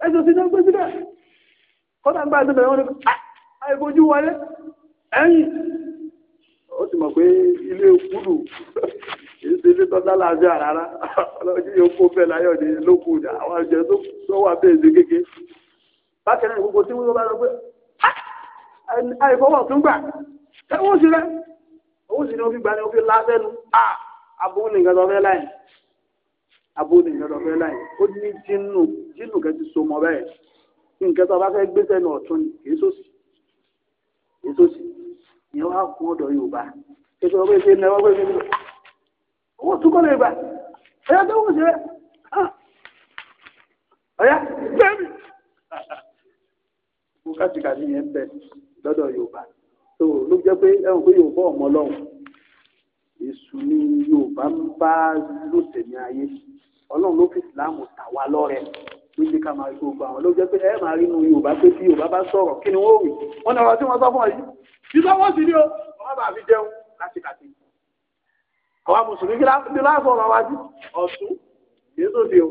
ah, ẹjọ́ sí náà gbé síbẹ̀ kọ́tà ń bá ẹjọ́ bẹ̀rẹ̀ wọn ni àìfojú wọlé ẹ̀yìn ó sì mọ̀ pé ilé kúrú èyí ṣe ilé tọ́ta láàbíà rárá ọlọ́jọ́ yóò kó bẹ́ẹ̀ láyọ̀ ní lókù àwọn àjẹ tó wà bẹ́ẹ̀ ṣe kéke bákẹ́rẹ́ gbogbo owó sí rẹ owó sí ni o fi gbani o fi lásẹ̀nu a abó ní nǹkan tó fẹ́ láyìn abó ní nǹkan tó fẹ́ láyìn ó ní jínú jínú kẹ́ ti so mọ bẹ́ẹ̀ nǹkan tó bá fẹ́ gbé sẹ́nu ọ̀tún ni kì í sòsì kì í sòsì ìyẹn wàá kún ọ̀dọ̀ Yorùbá kí ó o pé ṣe ń náwó pé ṣe ń lọ owó tún kọ́ lè gbà ẹ̀yà tó wù sí rẹ̀ ọ̀yá bẹ́ẹ̀ mi. mo kàtìkàtì yẹn bẹ lọ́dọ̀ Yorùbá tó ló jẹ́ pé ẹ̀rù pé yóò bọ́ ọmọ ọlọ́run èṣù ni yorùbá ń bá lòtẹ̀mí ayé ọlọ́run ló fi ìsìláàmù tà wá lọ́rẹ̀ níbi ká máa gbogbo àwọn ló jẹ́ pé ẹ máa rí inú yorùbá pé tí yorùbá bá sọ̀rọ̀ kí ni wọ́n wì wọ́n ní ọ̀rọ̀ tí wọ́n sọ fún ọ yìí bí sọ́wọ́ sí ni o wọ́n bá fi jẹun láti kàtí. àwa mùsùlùmí kí láàbọ̀ ọ̀rọ̀ wájú ọ̀tún kìí sóde o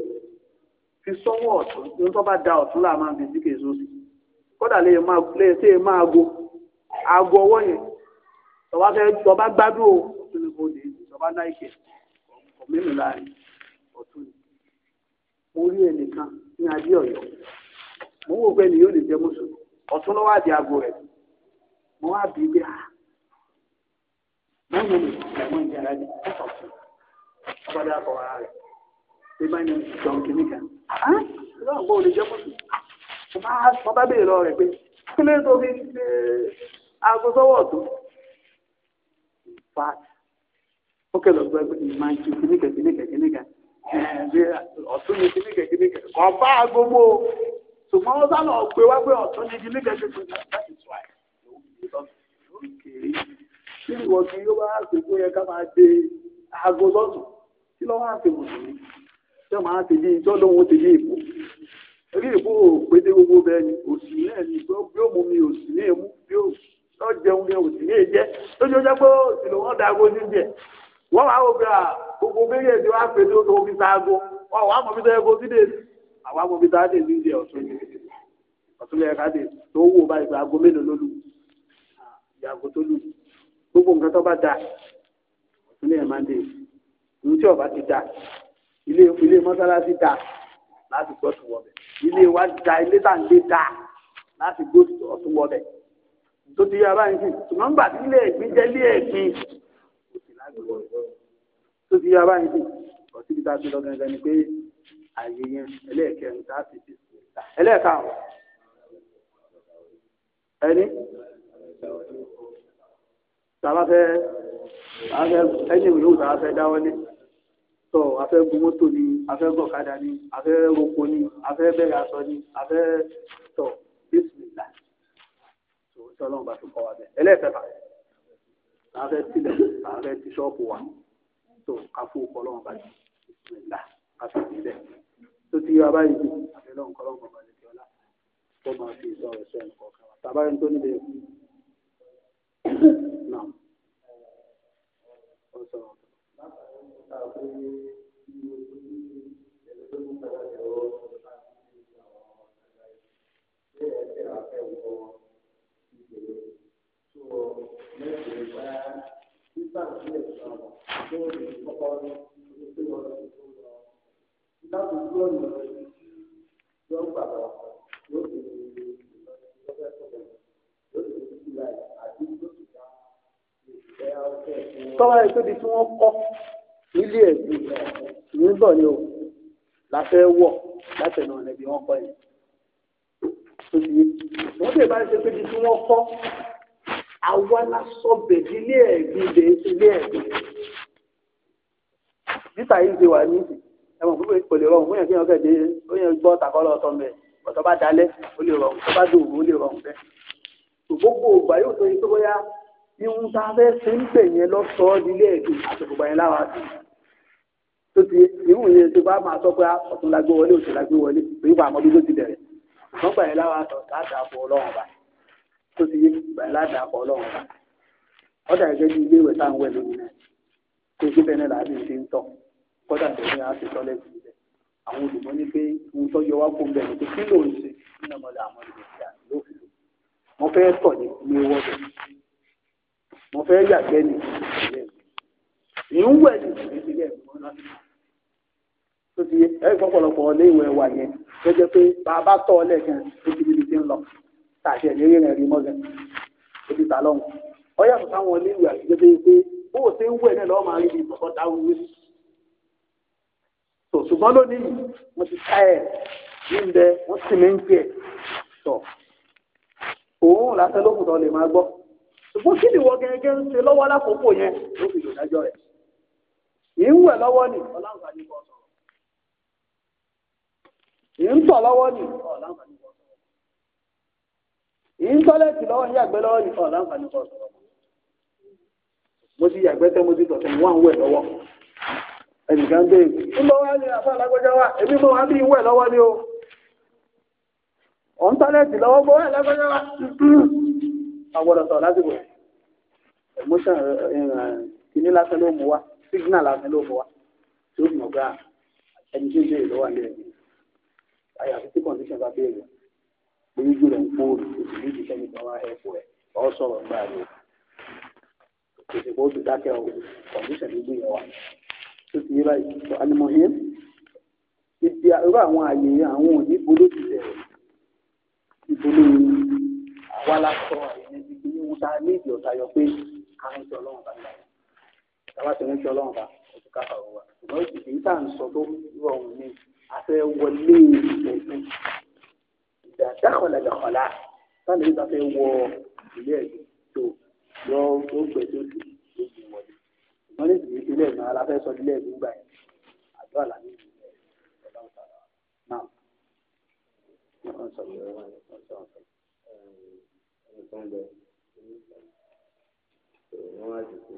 fi sọ́wọ́ ọ̀tún ní tó bá da ọ̀tún láà máa fi sí kìí sóde kódà lè máa go aago ọwọ́ yẹn tọba fẹ́ tọba gbádùn o tún ní kò lè tọba náà ìkẹ́ ọ̀mẹ́mi láàrin ọ̀tún ni mo rí ẹnìkan ní adé ọ̀yọ́ mo wò pé ni yóò lè jẹ́ mùsùlùmí ọ̀tún lọ́wọ́ àdé aago rẹ̀ mo wá bí bí ah, a mọ́nyẹ́ mi lẹ́mọ́ ìjàrá ni ẹ̀kọ́ fún ọgbọ́dọ̀ àkọ́ ara rẹ̀ bí bá ní ìjọun kìíní kan á ò lè jẹ́ mùsùlùmí mo bèèrè lọ rẹ̀ pé kí ló tó fi ṣe é aago sọ́wọ́ ọ̀tún fat ó kẹlẹ̀ ọgbẹ́ pé ìmọ̀ ju kìnìkẹ̀ kìnìkẹ̀ kìnìkẹ̀ ọ̀tún ni kìnìkẹ̀ kìnìkẹ̀ kọ̀ bá aago mọ́ o ṣùgbọ́n wọ́n sá lọ gbé wá pé ọ̀tún ni kìnìkẹ̀ kìnìkẹ̀ láti tù àyè lórí kéré kí ni wọ́n kí yóò bá ṣe kó yẹ ká máa dé aago sọ́tún kí lọ́ wá ṣe mùsùlùmí tí wọ́n máa ṣe bí ìjọ́ lóhun ti ní ìbò rí ìbò òpédé gbogbo bẹ́ẹ̀ ni òsì náà ni bí ó mú mi òsì náà mú bí ó sùn lọ jẹun ní òsì ní èjẹ lójú ọjọ́ pé òsì ló wọn da ago ní jẹ wọn wàá wò pé à gbogbo méjì èdè wàá pè tó tó fi sa ago wọn wàá mọ bí tó yẹ kó sí dèsì àwọn amọ bí tó á dèsì ń jẹ ọ̀tún ní ọ̀tún lẹ́yìn ká dèsì tó wò báyìí pé ago mélòó ló lù ìyàgò tó lù gbogbo nǹkan tó bá da ọ̀tún lẹ́yìn máa ń dèsì ìlú tí ọba ti da ilé ilé mọ́sálásí da láti gbọ́ tù wọ bẹ̀ ilé wa da ilé tà ń lé da láti gbọ́ tù ọ̀tún wọ bẹ̀ tó ti yára ń sìn ṣùgbọ́n gbà tí ilé ẹ̀gbin jẹ́ ilé ẹ̀gbin tó ti yára ń sìn ọtí bí táà ti lọ gangan ni pé ààyè yẹn ẹlẹ́ẹ̀kẹrin táà ti ti ẹlẹ́ẹ̀ka ẹni tàbá fẹ́ ẹni ìwúlò tàbá fẹ́ dáwọ́lé tọ́ afẹ́ gun mọ́tò ni afẹ́ gọ̀kadà ni afẹ́ roko ni afẹ́ bẹ̀rẹ̀ aṣọ ni afẹ́ tọ́ bísí nìlá tí ọlọ́run bá tún kọ́ wa bẹ́ẹ̀ ẹlẹ́ẹ̀kẹfà àwọn fẹ́ tilẹ̀ àwọn fẹ́ ti ṣọ́ọ̀pù wa tó ká fún ọkọ̀ ọlọ́run bá ti ìlà ká sì tó ti yọ abáyé ju àbẹ́lọ́run kọ́ ọlọ́run bàbá ọlá tó máa fi ìsọ rẹ̀ sọ ẹnìkọ̀ kan tàbá ẹni tó nílé ẹkú náà ó mẹ́sẹ̀ ìgbà títà sílẹ̀ sọ̀rọ̀ tó lè kọ́kọ́ ní ojú tó lọ sí tó lọ. Títà tó dúró ní ọ̀rẹ́ yóò gbàgbọ́ yóò sì ní di tí wọ́n kọ́ nílé ẹ̀sìn nígbọ̀ ni o láfẹ́ wọ̀ látẹ̀nà ọ̀nà ibi wọ́n kọ́ yìí. Wọ́n tẹ̀ bá ń ṣe pé di tí wọ́n kọ́ àwa la sọ bẹ̀dílé ẹ̀gbin bẹ̀ ilé ẹ̀gbin. níta yìí ti wà ní ẹ̀wọ̀n pípé kò lè rọrùn fún yẹn kí yẹn kẹ̀dé ó yẹn gbọ́ tàkọ́lọ́ ọ̀tọ̀ mẹ́ ọ̀tọ̀ bá dalẹ̀ ó lè rọrùn tó bá dòwú ó lè rọrùn bẹ́ẹ̀. gbogbo ògbà yóò tó yín tó bóyá ihun tá a fẹ́ ṣe ń bẹ̀ yẹn lọ́sọ̀ọ́ nílé ẹ̀gbin àtòkùgbà yẹn láwa sí tó ti irú yẹn tó bá máa sọ pé ọ̀tún la gbé wọlé òsì la gbé wọlé pé ìwà ló ti bẹ̀rẹ̀ ṣùgbọ́n gbà yẹn láwa sọ káàdà àpò ọlọ́run báyìí tó ti yé ládàpọ̀ ọlọ́run ọba ọ̀dà gẹ́gẹ́ bí ilé ìwẹ̀ tá wẹ̀ lónìí náà tó gbé bẹ́ẹ̀ náà láti ṣe ń tọ̀ kọ́dà tó ní àti tọ́lẹ̀ sí ibẹ̀ àwọn olùmọ̀ ní pé ohun tó yọ kó ń bẹ̀ pé kí ló ń ṣe nínú ọmọdé àwọn olùgbèsè ló fi lò wọ́n fẹ́ tọ̀ ní ilé wọ́dọ̀ wọ́n fẹ́ yàgbẹ́ ní ìpínlẹ̀ ìwẹ̀ ní ìpínlẹ̀ tó ti yẹ ẹ̀ fọ́pọ̀lọpọ̀ ilé ìwẹ̀ wà yẹn tó jẹ́ pé bàbá tọ́ ọ lẹ́ẹ̀kan ó ti níbi tí tàbí ẹ̀lẹ́ rẹ̀ rí mọ́gẹ́ ebi ta lọ́wọ́ ọ yàtọ̀ sáwọn onílù àtijọ́ tó yẹ pé bó o ṣe ń wẹ̀ náà lọ́wọ́ máa rí ibi ìtọ́kọ́ dáwọ́ wí. tó ṣùgbọ́n lónìí mo ti ká ẹ̀ ní ń bẹ wọ́n sì mí ń pè ẹ̀ tọ̀ òun lásán ló kù tó lè máa gbọ́ ṣùgbọ́n kí ni ìwọ gẹ́gẹ́ ń ṣe lọ́wọ́ lákòókò yẹn ló fi lò dájọ́ rẹ̀ yìí ń wẹ̀ lọ́wọ́ ni ọ̀làǹfààní kọ̀ sọ̀rọ̀ yìí ń tọ̀ lọ́wọ́ ni ọ̀làǹfààní yìí tọ́lẹ̀tì lọ́wọ́ yàgbẹ́ lọ́wọ́ yìí ọ̀ láǹfààní kọ̀ mo ti yàgbẹ́ tẹ́ mo ti tọ̀tẹ̀ wọ́n ń wẹ̀ lọ́wọ́ ẹnìkan dé wá ní alágbèjà wa èmi bí wẹ̀ lọ́wọ́ ni o ọ̀n tọ́lẹ̀tì lọ́wọ́ lásìkò emotion eh, kìíní lásán ló mú wa signal lásán ló mú wa tí ó mọ̀ ah, ẹni tí pé ojú rẹ̀ ń kóòrò oṣù méjì sẹ́yìn kan wá ẹ̀kọ́ ẹ̀ ọ́ sọ̀rọ̀ gbà ní òṣèlú kó tó dákẹ́ ló gbìyànjú wa tó ti yé báyìí sọ alimọ̀hìn ibi irú àwọn àyè àwọn òní bolo ti bẹ̀rẹ̀ ìbolo àwa lásọ ní wúta ní ìdí ọ̀tá yọ pé àwọn ìṣọ̀ ọlọ́run bá ń bá tàbá ṣùgbọ́n ìṣèlú ń sọ tó rọrùn ni a wọlé ìṣẹ̀lẹ̀ dáhùn lẹ́gbẹ̀kọ́lá táwọn èyí bá fẹ́ wọ ilé ẹ̀dùn tó yọ ó gbẹ tó sì lójú wọlé wọn ní ìdílé ilé ẹ̀dùn ara fẹ́ sọ ilé ẹ̀dùn gbà yẹn àjọ àlàyé ìlú ọ̀dọ́ ọ̀tàrà náà. Nǹkan bẹ wọ́n á dìbò ìpè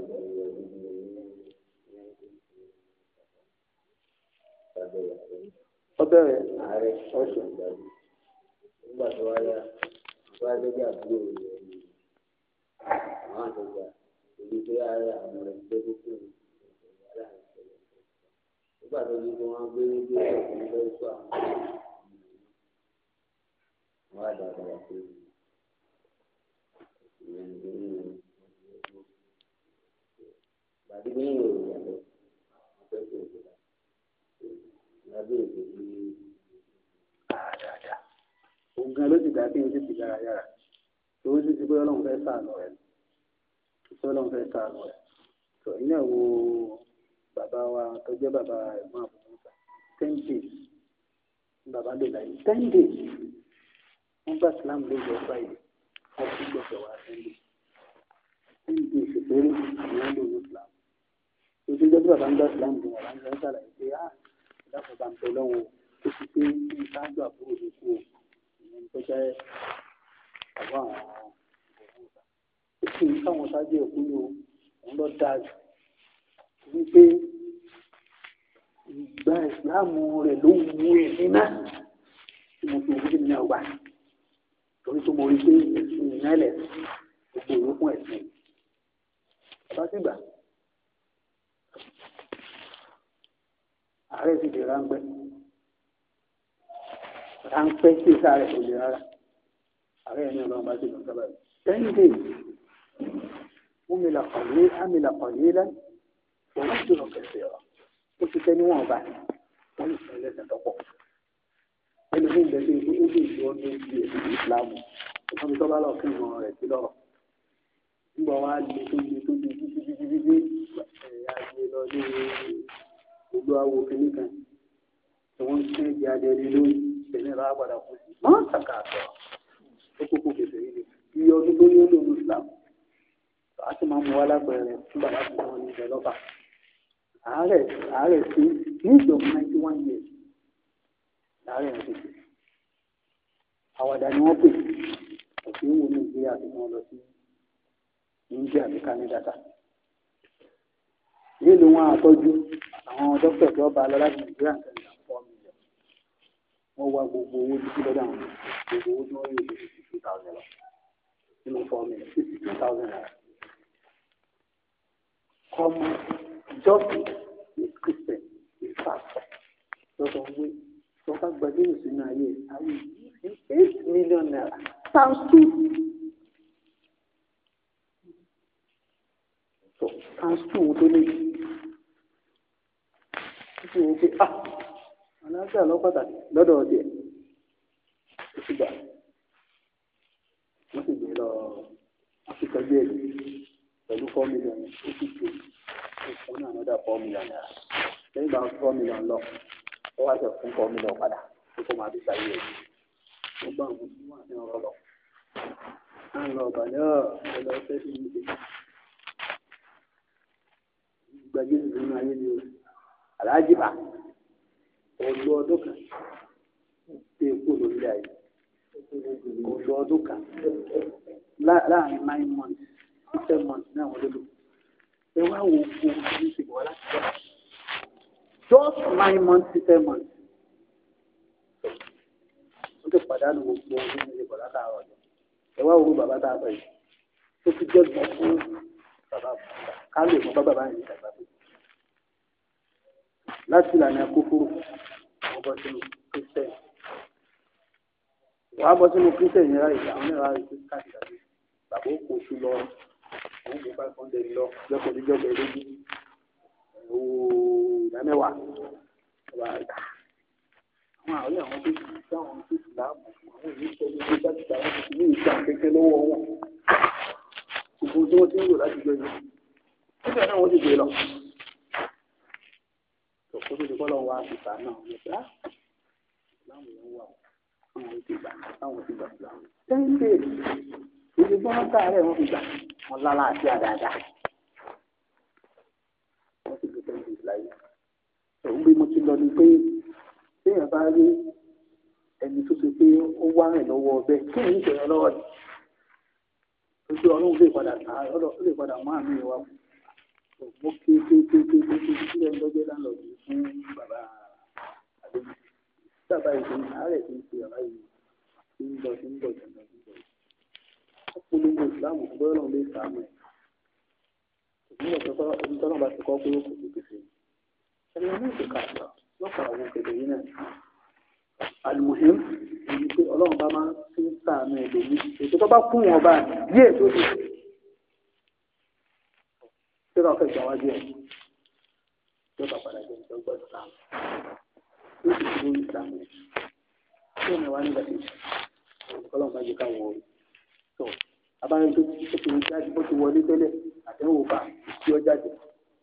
ẹ̀ẹ́dì Ọ rẹ̀ ọ̀ṣọ́. nígbà tó wáyà wáyà lórí àbúrò rẹ̀ ni àwọn àgbàgbà èyí tó yára rẹ̀ àwọn rẹ̀ tó tó kù nígbà tó ní kí wọ́n gbé ní bí ọ̀sẹ̀ ní bẹ́ẹ̀ tó àwọn ìyẹn ní ní lábẹ́ èdè ní dáadáa ogun ló ti dá kí n sì ti yára yára tó ó sì ti pé ọlọ́run fẹ́ sàánú rẹ̀ tó ọlọ́run fẹ́ sàánú rẹ̀ tó yín náà wo bàbá wa tó jẹ́ bàbá ẹ̀gbọ́n àbúrò ten days bàbá lè láyé ten days wọ́n bá Islam ló jẹ́ Friday wọ́n fi gbọ́dọ̀ wá ten days ten days péré àwọn ló ní Islam ojú ìjọba bàbá ń gbà Islam jù wọ́n bá sọ ẹ́ sàlàyé pé ah, dáàbò bá ń bẹ lọ́wọ́ ó ti pé ní sáájú àbúrò mi kú o ìyẹn tó jẹ́ àbọ̀ àwọn ìgbòho ó sì ń káwọn sáájú ẹ̀kú ni òun lọ dáa jù wípé ìgbà ìsìláàmù rẹ̀ ló wù èmi náà tí mo fi òun kí ni ọgbà torí tó mo rí pé ìsìn ìrìnlẹ̀ gbogbo ìyókùn ẹ̀sìn ọba sì ààrẹ sì lè ráńpẹ́ ráńpẹ́ sí sáré kò lè rárá ààrẹ ẹni ọlọ́run bá sì lọ sábà yìí ten days múmilà pàlẹ́ ámìlà pàlẹ́ lẹ́nu òun sì lọ kẹsẹ̀ ọ́ ó ti tẹ́ níwọ̀n bá wọ́n lè fẹ́ lẹ́sẹ̀ tọ́pọ̀ ẹni fún ìgbésẹ̀ ìgbé ó lè yọ ọdún sí ẹ̀sìn ìsìlámù ọmọ tó bá lọ kí ìmọ̀ rẹ̀ sí lọ́rọ̀ nígbà wàá lè tó lè tó lè títí títí títí ẹ̀yà lè gbogbo awo kìíní kan tí wọ́n ń tẹ́ ìdí adé ní lórí tẹ̀lé bá padà kú sí wọ́n kàkà àtọ̀ ó kókó kẹsẹ̀ yìí ni iye ọdún tó ní ó lòun islam a ti máa mú wa lágbẹ̀rẹ̀ fún bàbá tó wọn ní ìjọba àárẹ̀ àárẹ̀ sí ní ìjọba ninety one years láàárẹ̀ ẹ̀ tètè àwàdà ni wọ́n pè òfin wo nàìjíríà tó wọn lọ sí India àti Canada ta nílùú wọn àtọ́jú àwọn dókítà tó bá lọ láti nàìjíríà nǹkan ìjà fọ́ mi lẹ̀ wọ́n wá gbogbo owó títí lọ́dọ̀ àwọn gbogbo owó tí wọ́n yóò lè fi two thousand lọ nínú fọ́ mi lẹ̀ sixty two thousand naira. kọ́mọ jọ́sìn ní christian ní fàṣọ lọ́dọ̀ wí lọ́ba gbajúmọ̀ sínú ayé àwọn yìí eight million naira times two. times two tó léyìí títí wo pé ah àlàáfíà lọ pàtàkì lọ́dọ̀ ọdẹ ó sì gbà wọ́n sì gbé lọ wọ́n sì tọ́jú ẹ̀ pẹ̀lú four million ó sì gbé òun náà lọ́dà four million naira lẹ́yìn ìgbà four million lọ ó wá sọ fún four million padà tó kó máa fi ṣàyè ẹ̀ ó gbà wọn fún wọn àti ọ̀rọ̀ lọ. à ń lọ ọ̀bàlẹ́ ọ̀ lọ fẹ́ fi ń gbé gbàgbé ìdùnnú ayé ni o aláàjì bá ọlọ ọdún kan tẹ kó lórí ayé ọlọ ọdún kan láàrin nine months to ten months náà wọ́n lé lò ẹ wá wo owó ní ti bọ̀ láti just nine months to ten months ó ti pàdánù gbogbo owó ní ti bọ̀ látàárọ̀ ọjọ́ ẹ wá wo bàbá tá a bẹ̀ yìí tó fi jẹ́ gbọ̀ngàn bàbá kálò ìmọ̀ bá bàbá yìí dàgbà tó láti ìlànà kúkúrú wọ́n bọ́ sínú kírísítẹ́nì wọ́n á bọ́ sínú kírísítẹ́nì yẹn láì àwọn náà láì fi káàdì dàbí bàbá ó kó oṣù lọ àwọn kò five hundred lọ jọ́pọ̀ ní jọ́pọ̀ lójú owó ìdá mẹ́wàá ọba àgbà àwọn àwọn àwọn tó ti dáhùn tó ti láàbù àwọn ìlú sọdún tó bá ti dáhùn tó ti ní ìgbà kẹ̀kẹ́ lọ́wọ́ wọn gbogbo tí wọ́n ti ń lò láti gbẹ̀yìn ó tó fi kọ́ lọ́wọ́ àṣìṣà náà wọ́n bá ah! láwọn èèyàn wà àwọn ti gbà láwọn ti gbà fúlà. sẹ́ńtẹ̀ ìdìbò wọn káàárẹ̀ wọn fi gbà wọn lálá àti àdáadáa. wọ́n sì gbé sẹ́ńtẹ̀ ìláyé. òun bí mo ti lọ ni pé téèyàn bá rí ẹni tó ṣe pé ó wá rìn lọ́wọ́ ọbẹ̀ kí ni ìṣẹ̀lẹ̀ lọ́wọ́ ni. ojú ọlọ́run lè padà tà á lè padà mọ́ àmì ìwà kù mo ké ké ké ké ké ké sílẹ̀ ń lọ́jọ́ dáná lọ́jọ́ fún bàbá àdéhùn bàbá ìṣòro àárẹ̀ tó ń ṣe bàbá yìí tó ń bọ̀ tó ń bọ̀ tó ń bọ̀ tó ń bọ̀ ó polongo ìsìláàmù bọ́ọ̀ náà lè sàmù ẹ̀ ìpínlẹ̀ tó kọ́ ẹni tọ́lọ́ bá ti kọ́ pé ó kò tó kéfì ẹni náà ti kà àgbà lọ́pọ̀ àwọn kẹ̀kẹ́ yìí náà alimuhim èyí pé ọlọ́run bá máa ń sàmù ẹ̀ lómi ètò tó bá kún wọn bá yí ètò ìṣèlú tí wọ́n fẹ́ gbà wá díẹ̀ yóò bá padà jẹ́ ìjọba ìsìlámù yóò sì fi lórí ìsìlámù yẹn tí wọ́n wá nígbà tí ọlọ́run bá yẹ ká wọ tó abáyọ tó tó fi jáde bó ti wọlé tẹ́lẹ̀ àtẹ̀wò bá tí ó jáde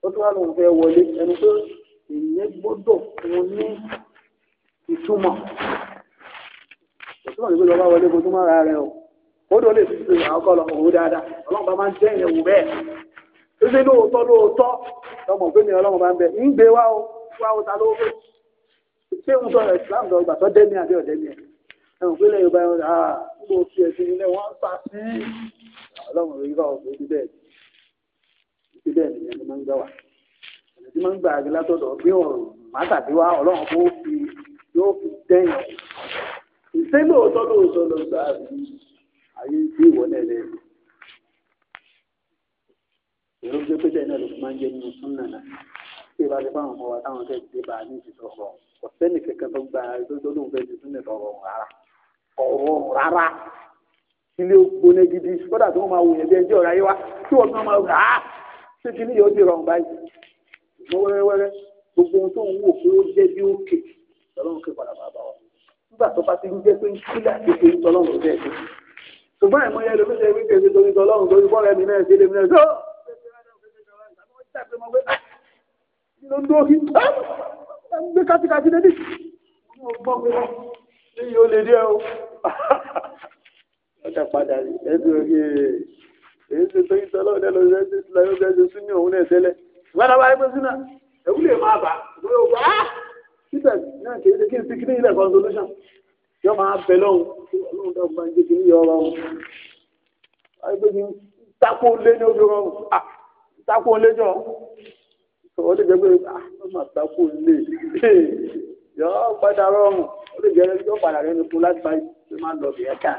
ó tún wá lóun fẹ́ wọlé ẹnu pé èèyàn gbọ́dọ̀ fún ní ìtumọ̀ ìtumọ̀ ṣíṣe lóòótọ́ lóòótọ́ lọ́mọ pé ní bá ń bẹ ń gbé wá o wá o ta lówó ṣé ń sọ islam lọ gbà tó àbí ọ̀dẹ́mi ẹ̀ ẹ̀wọ̀n pé lẹ́yìn báyọ̀ à ń bò fi ẹ̀sìn ilé wọn pa sí ọlọ́mọ rẹ̀ yíká ọ̀gbìn ti bẹ́ẹ̀ ti bẹ́ẹ̀ nìyẹn ló máa ń gbà wá ẹ̀sìn tí máa ń gbà àgbẹ̀ látọ̀dọ̀ bí ọ̀rùn mátàbí wá ọlọ́run kó fi yóò fi dẹ́yìn ìṣẹ́ lóòótọ́ lóòótọ́ lọ gbà àyè ìwọ̀n èrò gbé pé bẹ́ẹ̀ náà ló fi máa ń jẹ́ nínú súnà náà tí ìbá ti fáwọn ọmọ wa táwọn fẹ́ẹ́ gbé bá a ní ìdìtọ̀ ọ̀rọ̀ ọ̀sẹ́ni kankan tó gba lójó lóun fẹ́ẹ́ di súnà ọ̀rọ̀ rárá ọ̀rọ̀ rárá ilé gbóná gidi kódà tó máa wòye bí ẹjọ́ ráyé wa tí wọ́n máa rà á ṣé kí ni yóò di rọrùn báyìí wẹ́rẹ́wẹ́rẹ́ gbogbo ohun tó ń wò pé ó jẹ́ bí ó kè lọ́lọ́run kè padà bàbá wa nígbà tó bá ti ń jẹ́ pé ń kí láti fi ń tọ́lọ́run ló bẹ́ẹ̀ ṣe ṣùgbọ́n ṣe mọ̀ pé ah, kí ló ń dórí ah, ń gbé kátikáti lé ní ọgbọ́n pé léyìí ó lè dé o ọjà padà rí ẹsùn orí èyí ṣe tó ìtọ́ lọ́wọ́ lẹ́nu ọjọ́ ẹsẹ̀ sílẹ̀ ọjọ́ ẹsẹ̀ sí ní òun náà tẹ́lẹ̀ ìgbàdá bá ẹgbẹ́ sínú ẹ̀wú lè máa bà lórí ọgbà títẹ̀ náà kì í ṣe kí n ti kí consolation yọ máa bẹ lọ́hùn ọlọ́run dọ́gba ń jẹ́ kí ní yọ ọ̀rọ̀ ọ̀hún ẹgbẹ́ mi tákó lé ní obìnrin ọ̀hún ah! sákò léjọ́ ah, ó lè jẹ́ pé ó mà sákò lè yọ padà rọrùn ó lè jẹ́ yọ padà rẹ nìkú láti bá ṣe máa lọ bìí ẹ̀ka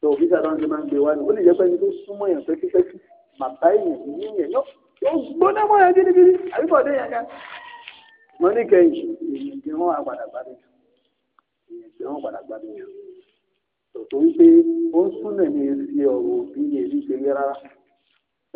tó òbí sábà ń ṣe máa ń gbé wá ní ó lè jẹ́ pé ẹni tó súnmọ́ èèyàn pẹ́kípẹ́kí bàbá èèyàn yìí yẹn yóò gbóná mọ́ ẹ̀ gidigidi àbíkọ̀dé yẹn kan mo ní kẹyìn èèyàn jẹ wọn àgbàdà gbádùn èèyàn jẹ wọn àgbàdà gbádùn tòtò wípé ó ń súnlẹ̀ ní èsì ọ̀rọ̀ òbí ní èsì ìṣeré rárá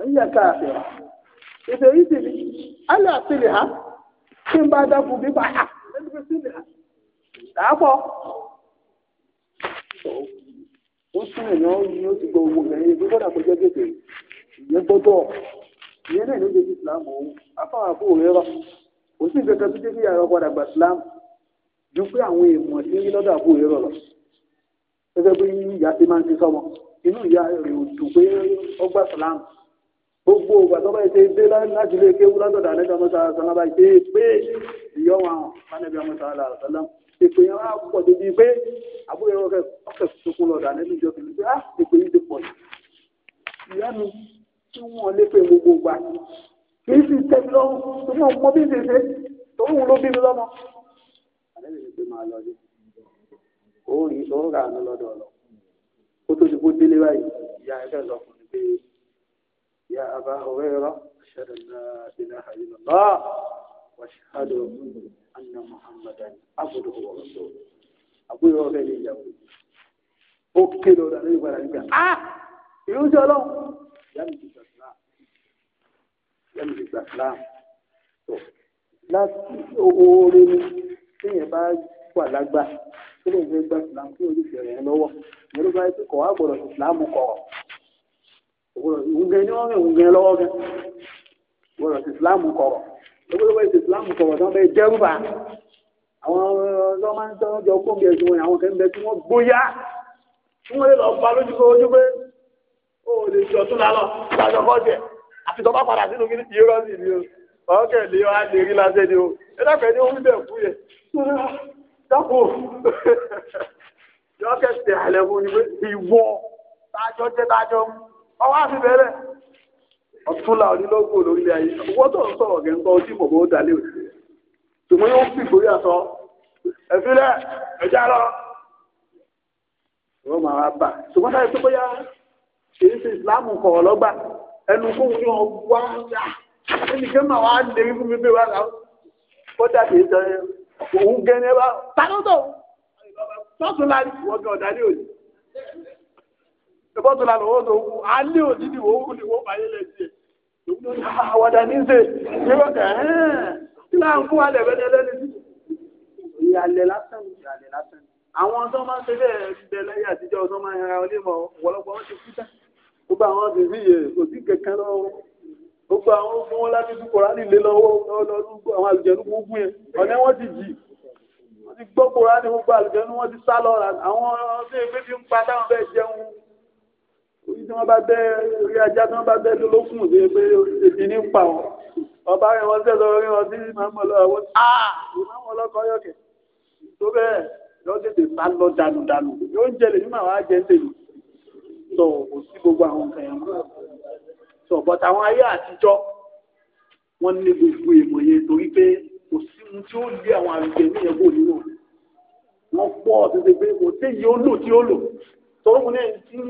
ọ̀yíyà káàfin a sịrị, yìí sì ni ha kí n bá dákun a ha dàápọ̀ ó náà ni ó ti gbọ́ owó rẹ̀ yẹn gbọ́dọ̀ kó jẹ́ ìyẹn gbọ́dọ̀ ìyẹn náà islam rẹ̀ kò sí nǹkan kan tó jẹ́ kí yàrá padà gba islam ju pé àwọn èèmọ̀ tí ń rí lọ́dọ̀ àbúrò rẹ̀ gẹ́gẹ́ bí ìyá ti máa gbogbo ìgbà tó báyìí ṣe dé láti lè kéwú látọ̀dọ̀ àlẹ́dọ̀ mọ́ta sọ́nà báyìí ṣe pé ìyọ́ wọn fánẹ́bí ọmọta àlàrà sọ́nà ìpè yẹn wá pọ̀ débi pé àbúrò ẹ̀rọ ọkẹ́ tuntun lọ́dọ̀ àlẹ́bí ìjọ kìlú pé ah ìpè yìí ti pọ̀ jù ìyá mi tí wọ́n lé pé gbogbo ìgbà kì í sì tẹ́mi lọ́wọ́ tó mọ̀ mọ́ bí ṣèṣe tó ń ló bí mi lọ́mọ. àlẹ́bí mi pé máa lọ dé ó rí ó rà á lọ́dọ̀ ọ̀lọ́ يا أبا هريرة أشهد أن لا إله إلا الله وأشهد أن محمدا عبده ورسوله أبو هريرة يقول أكلوا لنا ولا نبيع آه يوجد لهم يمجد الإسلام يمجد الإسلام láti oore ni téèyàn bá wà lágbà tó lè gbé gbà ìsìlámù kí oríṣi rẹ̀ lọ́wọ́ ìyẹn ló bá yẹ kó wàá gbọ́dọ̀ ìsìlámù kọ̀ọ̀ ògùngẹ ni wọ́n rìn ògùngẹ lọ́wọ́ gan gbọ́dọ̀ sí islam kọ̀rọ̀ lọ́gbọ́dọ̀ sí islam kọ̀rọ̀ tí wọ́n bẹ dẹ́rùbà àwọn ọlọ́wọ́ máa ń tọ́ jọ kóńgẹ ẹ̀sùn wọn àwọn kẹ́ńbẹ tí wọ́n gbóyà tí wọ́n lè lọ pa lójú pé ojú pé ó lè jọ tún lálọ́ lájọ kọ́jẹ̀ àti tọ́ bá padà sínú kí ní irọ́ sì ni o ọ̀ọ́kẹ́ lè wá lè rí lásẹ̀ ni o ẹ dákẹ́ ni ó ń bẹ̀ fún yẹ dákò yọ̀ọ́kẹ́ tẹ̀ àlẹ́ fún ni pé ọwọ́ àfi bẹ̀rẹ̀ ọ̀túnla onílógún olórí ayé owó tó ń sọ̀rọ̀ gẹ̀ǹgbọ́ ojú ìmọ̀ bó dalé òsì rẹ̀ ṣùgbọ́n yóò fi ìforí àtọ ẹ̀fílẹ̀ ẹ̀já lọ. wọ́n máa wá bà ṣùgbọ́n táyà tó bóyá kìí ṣe ìsìláàmù kọ̀ ọlọ́gbà ẹnu fún mi wọn wá yá ẹnìkan máa wá lè rí fún mi bẹ́ẹ̀ wá rà ó dàbí ìjọ òun gẹ́ni ẹ bá tánútò tọ́tún láti wọ́n gan ọ̀dà ní òní ìbọ́tò lànà owó tó wù alẹ́ òní ni wọ́n wù ní wọ́n bá yé lẹ́ sí ẹ̀ lóun ló ní ah, àwàdà ní ṣe yóò kẹ́ ẹ́ kí láà ń fún wa lẹ̀ bẹ́ẹ̀ lẹ́ni sí. ìyàlẹ̀ lásán ìyàlẹ̀ lásán àwọn tó máa ń ṣe bẹ́ẹ̀ bẹ lẹ́yìn àtijọ́ tó máa ń ra onímọ̀ ọ̀pọ̀lọpọ̀ wọn ti kú tán gbogbo àwọn ti rí iye kò sí kankan lọ́wọ́ gbogbo àwọn fún wọn láti tún kòránì lé lọ́wọ́ lọ́dún àwọn àlùjẹ̀nu gbogbo yẹn ọ̀nà wọn ti jì wọ́n ti gbọ́ kòránì gbogbo àlùjẹ̀nu wọn ti sá lọ́ra àwọn ọdún ẹgbẹ́ ń pa táwọn bẹ́ẹ̀ jẹun orí tí wọ́n bá bẹ́ orí ajá tí wọ́n bá bẹ́ lókùn sí pé èdè ní pa wọn ọba rẹ̀ wọ́n sẹ́ lọ rí wọn sí màmú lọ àwọn ah! màmú ọlọ́kọ yọ̀kẹ̀ tó bẹ́ẹ̀ yọ tètè sá lọ dànù dànù yóò ń jẹlẹ̀ nígbà wàá jẹ tèmi sọ kò sí gbogbo àwọn nǹkan yẹn sọ bọ́tà àwọn ayé àtijọ́ wọ́n ní gbogbo èèmọ̀ yẹn torí pé kò sí ohun tí ó lé àwọn àrùjẹ ní ẹgbẹ́ òníwọ̀n wọ́n pọ̀ tètè pé kò sí èyí ó lò tí ó lò tọ́kùnrin ti ń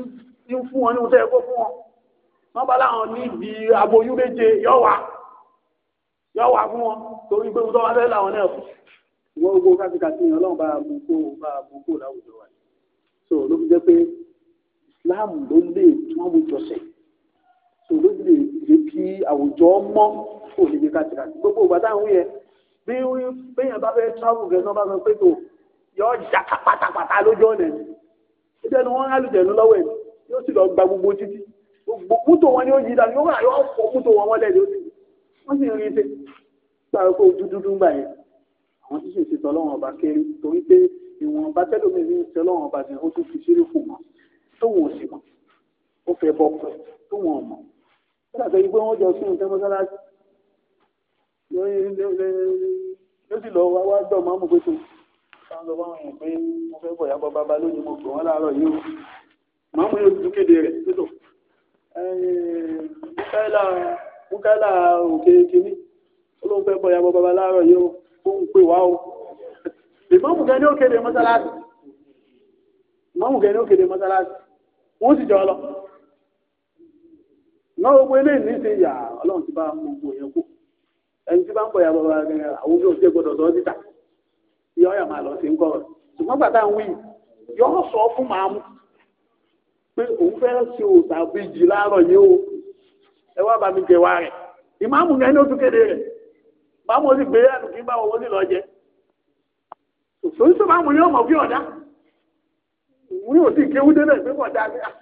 ń fún wọn ní oúnjẹ ẹ̀kọ́ fún wọn wọ́n bá láwọn níbi aboyún méje yọ́wà yọ́wà fún wọn torí pé wọ́n fẹ́ láwọn náà fún wọ́n gbogbo káfíkàtì yẹn ọlọ́run bá àbúkó bá àbúkó láwùjọ wa so ló fi jẹ́ pé Islam ló lè tí wọ́n mú jọ̀sẹ̀ so ló lè jẹ́ kí àwùjọ mọ́ kó lè jẹ́ káfíkàtì gbogbo ìgbà táwọn yẹn bí bẹ́yẹn bá fẹ́ travel gẹ̀ náà bá sọ pé tó yọ ọjà pátápátá lójú ọ̀nà ẹ̀ ṣé tẹnu wọn á lùjẹ̀ lọ́wọ́ ẹ̀ yóò sì lọ gba gbogbo títí gbogbo mútò wọn ni ó yí dànù yóò rà yóò fọ mútò wọn wọlé yóò sì wọn sì rí i pé gbàgbé kó dúdú gbà yẹn àwọn tí sì ṣètò ọlọ́run ọba kéré torí pé ìwọ̀n bá tẹ́lómi ní ìṣẹ́ ọlọ́run ọba ni ó tún fi ṣeré fún wọn tóun ò sì mọ̀ ó fẹ́ bọ́ pẹ́ tóun ò mọ̀ ó dàgbé igbó wọn jọ sún ìtẹ́ mọ́sálásí ló sì lọ wá wá dọ̀ máa mú pé tó káwọn lọ bá wọn yẹn pé mo fẹ́ bọ̀ yá bọ́ bàbá lónìí mo pè wọ́n láàárọ̀ yìí o. màmú ya ojuju kéde rẹ̀ títò múkálà òkè kìíní olóhùn fẹ́ bọ̀yà bọ́bá láàárọ̀ yìí ó fóun o ìmọ̀mù gẹ́ ní ó kéde mọ́sálásì ìmọ̀mù gẹ́ ní ó kéde mọ́sálásì wọ́n sì lọ náà gbogbo eléyìí ní ṣe yà ti bá gbogbo pé òun fẹ́ ṣe òòtà bíjì láàárọ̀ yìí o ẹ wá bá mi jẹ wá rẹ̀ ìmáàmù yẹn ní oṣù kéde rẹ̀ báwo sì gbé àdùnkí bá wọn wọlé lọ jẹ òṣòṣò máàmù yẹn mọ̀ bí ọ̀dá òun yóò sì kéwú délẹ̀ pé kọ̀ dá ah,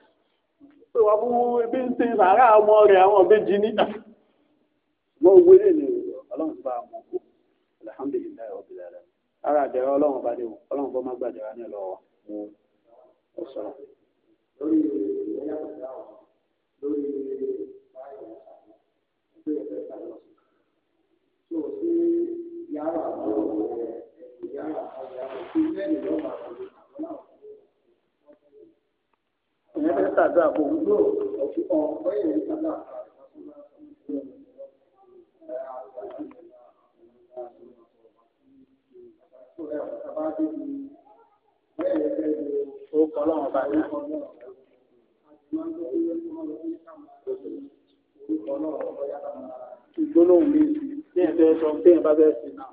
pé wọ́n fún ebi ń sin sàárà ọmọ rẹ̀ àwọn ọ̀bẹ́jì lè ní bá a mọ̀ kó alhamdulilayi ọ̀bí ara àjẹrẹ bá dé o ọlọ́run bọ́ má gbàjẹrẹ ní ọlọ́wọ́ lórí ìwé yàtọ̀ sí àwọn lórí báyọ̀ àti ìgbé ẹ̀fẹ́ ìtàlọ́ sí. tó o sí yàrá àwọn ẹ̀kọ́ yàrá àwọn yàrá tí ìgbónáhùn mi ní ẹ̀fẹ́ sọ pé ẹ̀ bá bẹ́ẹ̀ sí náà.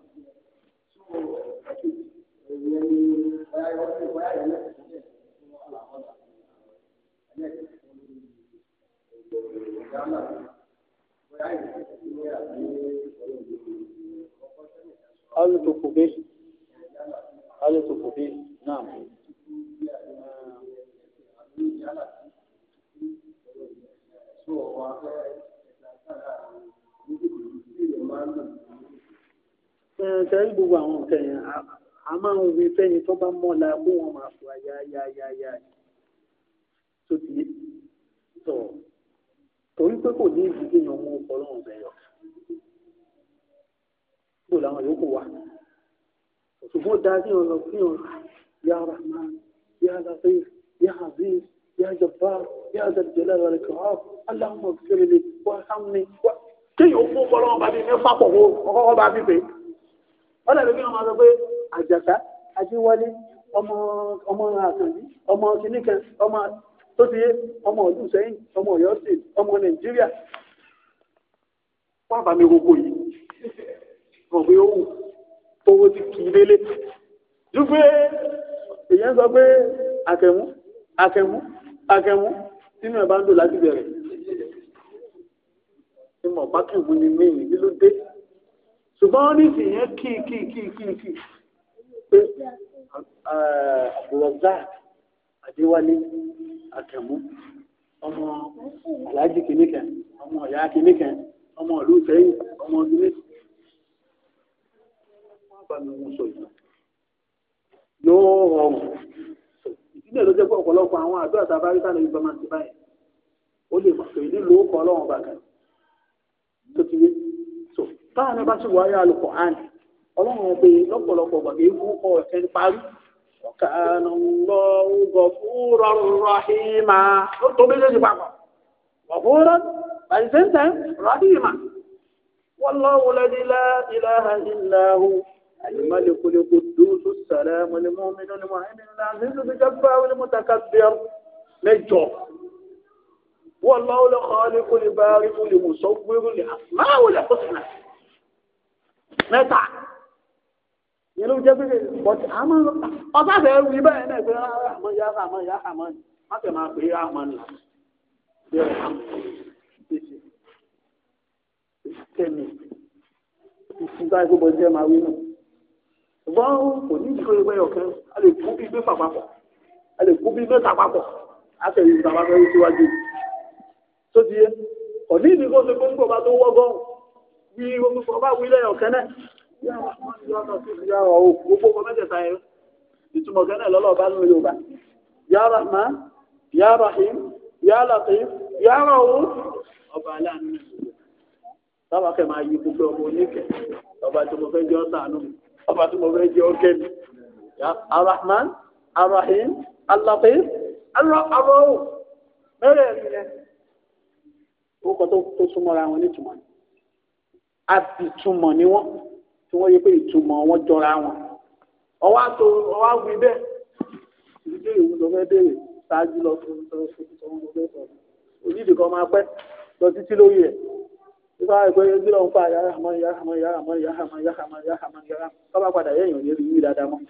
òwe fẹ́ni tó bá mọ́ la kó wọn máa fò àyà àyà àyà àyà tó ti sọ torí pé kò ní ìdíje yẹn mú ọkọ lọ́wọ́ bẹ̀rẹ̀ kó làwọn yòókù wà ṣùgbọ́n da kí wọn lọ kí wọn yà rahman yà latif yà aziz yà jabbar yà dàdìjẹlẹ rẹ kọ ọ aláwọn kiri wà hàmì wà kéèyàn fún ọkọ lọ́wọ́ bá mi ní fapọ̀ kó ọkọ̀ bá mi pè é wọ́n dàbí kí wọ́n máa sọ pé àjàká ajíwọlé ọmọ ọmọ àkànbí ọmọ kìnnìkan ọmọ tó ti yé ọmọ ọdún sẹ́yìn ọmọ Ọ̀yọ́ state ọmọ Nàìjíríà wọn bá mi gbogbo yìí wọn pé ó wù tówó ti kì í délé ju pé èèyàn sọ pé àkẹmú àkẹmú àkẹmú sínú ẹ bá ń lò láti bẹ̀rẹ̀ ìmọ̀ bá kì í wù ní mí ìlú dé ṣùgbọ́n ó ní ìyẹn kì kì í kì í kì í kì í pé abdulrasaq adéwálé àkàmú ọmọ aláàjì kìnìkan ọmọ ìyá kìnìkan ọmọ ìlú sẹ́yìn ọmọ ọdún méjì wọn bá mi wọn sọ yìí yóò rọrùn ìdílé ló jẹ́ pé ọ̀pọ̀lọpọ̀ àwọn àdúrà tá a bá rí sálẹ̀ yìí bá máa ti báyìí ó lè mọ̀ pé nílò ó kọ́ ọlọ́run bàgà tó ti ọlọ́run pé lọ́pọ̀lọpọ̀ gbàgbé kú ọ̀sẹ̀ ń parí ọ̀kàánà lọ gọ̀fúrọ̀ rọ̀hìmà ó tó méjèèjì papọ̀ gọ̀fúrọ̀ àìsẹ́ńtẹ̀ rọ̀hìmà wọ́n lọ́wọ́ lẹ́dí lá ìlàhà ìlàhù الملك القدوس السلام المؤمن المهيمن العزيز الجبار المتكبر مجو والله الخالق البارئ المصور الاسماء الحسنى mẹ́ta yẹn ló jẹ́ pé bọ́tí àmọ́ ọ̀sán àfẹ́ wí bẹ́ẹ̀ náà pé ah, ah, àmọ́ yá àmọ́ yá àmọ́ ni má tẹ̀ máa pè é ah, àmọ́ ni bẹ́ẹ̀ àmọ́ ìṣe kẹ́mi ìṣúgbà ìgbébọn jẹ́ máa wí náà ṣùgbọ́n kò ní ìdíkọ́ ìgbẹ́ ọ̀kẹ́ a lè kú bí gbé papọ̀ a lè kú bí gbé papọ̀ a fẹ́ yìí bàbá fẹ́ síwájú tó ti yẹ kò ní ìdíkọ́ ìgbẹ́ ọ̀kẹ́ bá tó wọ́gọ́ bí omi fọ́ bá wí lẹ́yìn ọ̀kẹ́ náà yàrá o gbogbo ọkọ mẹ́tẹ̀ẹ̀ta yẹn ìtumọ̀ kẹ́nẹ̀ lọ́lọ́ọ̀bá nínú Yorùbá ya Rahman ya Rahim ya Latif ya Rauf ọba aláàánú sábà kẹ́ máa yí gbogbo ọmọ oníkẹ́ ọba tí mo fẹ́ jẹ́ ọ̀sánú ọba tí mo fẹ́ jẹ́ ọ̀kẹ́ mi Ar-Rahman Ar-Rahim Al-Latif Ar-Rauf mẹ́rẹ̀ mi yẹn orúkọ tó súnmọ́ra wọn nítumọ̀ àbìtumọ̀ ni wọ́n tí wọ́n yẹ pé ìtumọ̀ wọn jọra wọn ọwọ́ àtò ọwọ́ àwìn bẹ́ẹ̀ ìdílé ìwé ló fẹ́ béèrè ṣáájú lọ fún ìtọ́wọ́n ló fẹ́ sọ onídìí kan máa pẹ́ lọ títí lórí ẹ̀ nípa ẹgbẹ́ ẹgbẹ́ lọ́n fà yàrá àmọ́ yàrá àmọ́ yàrá àmọ́ yàrá àmọ́ yàrá àmọ́ yàrá àmọ́ yàrá tọ́ba padà yẹ̀yìn ò ní rí yìí dáadáa mọ́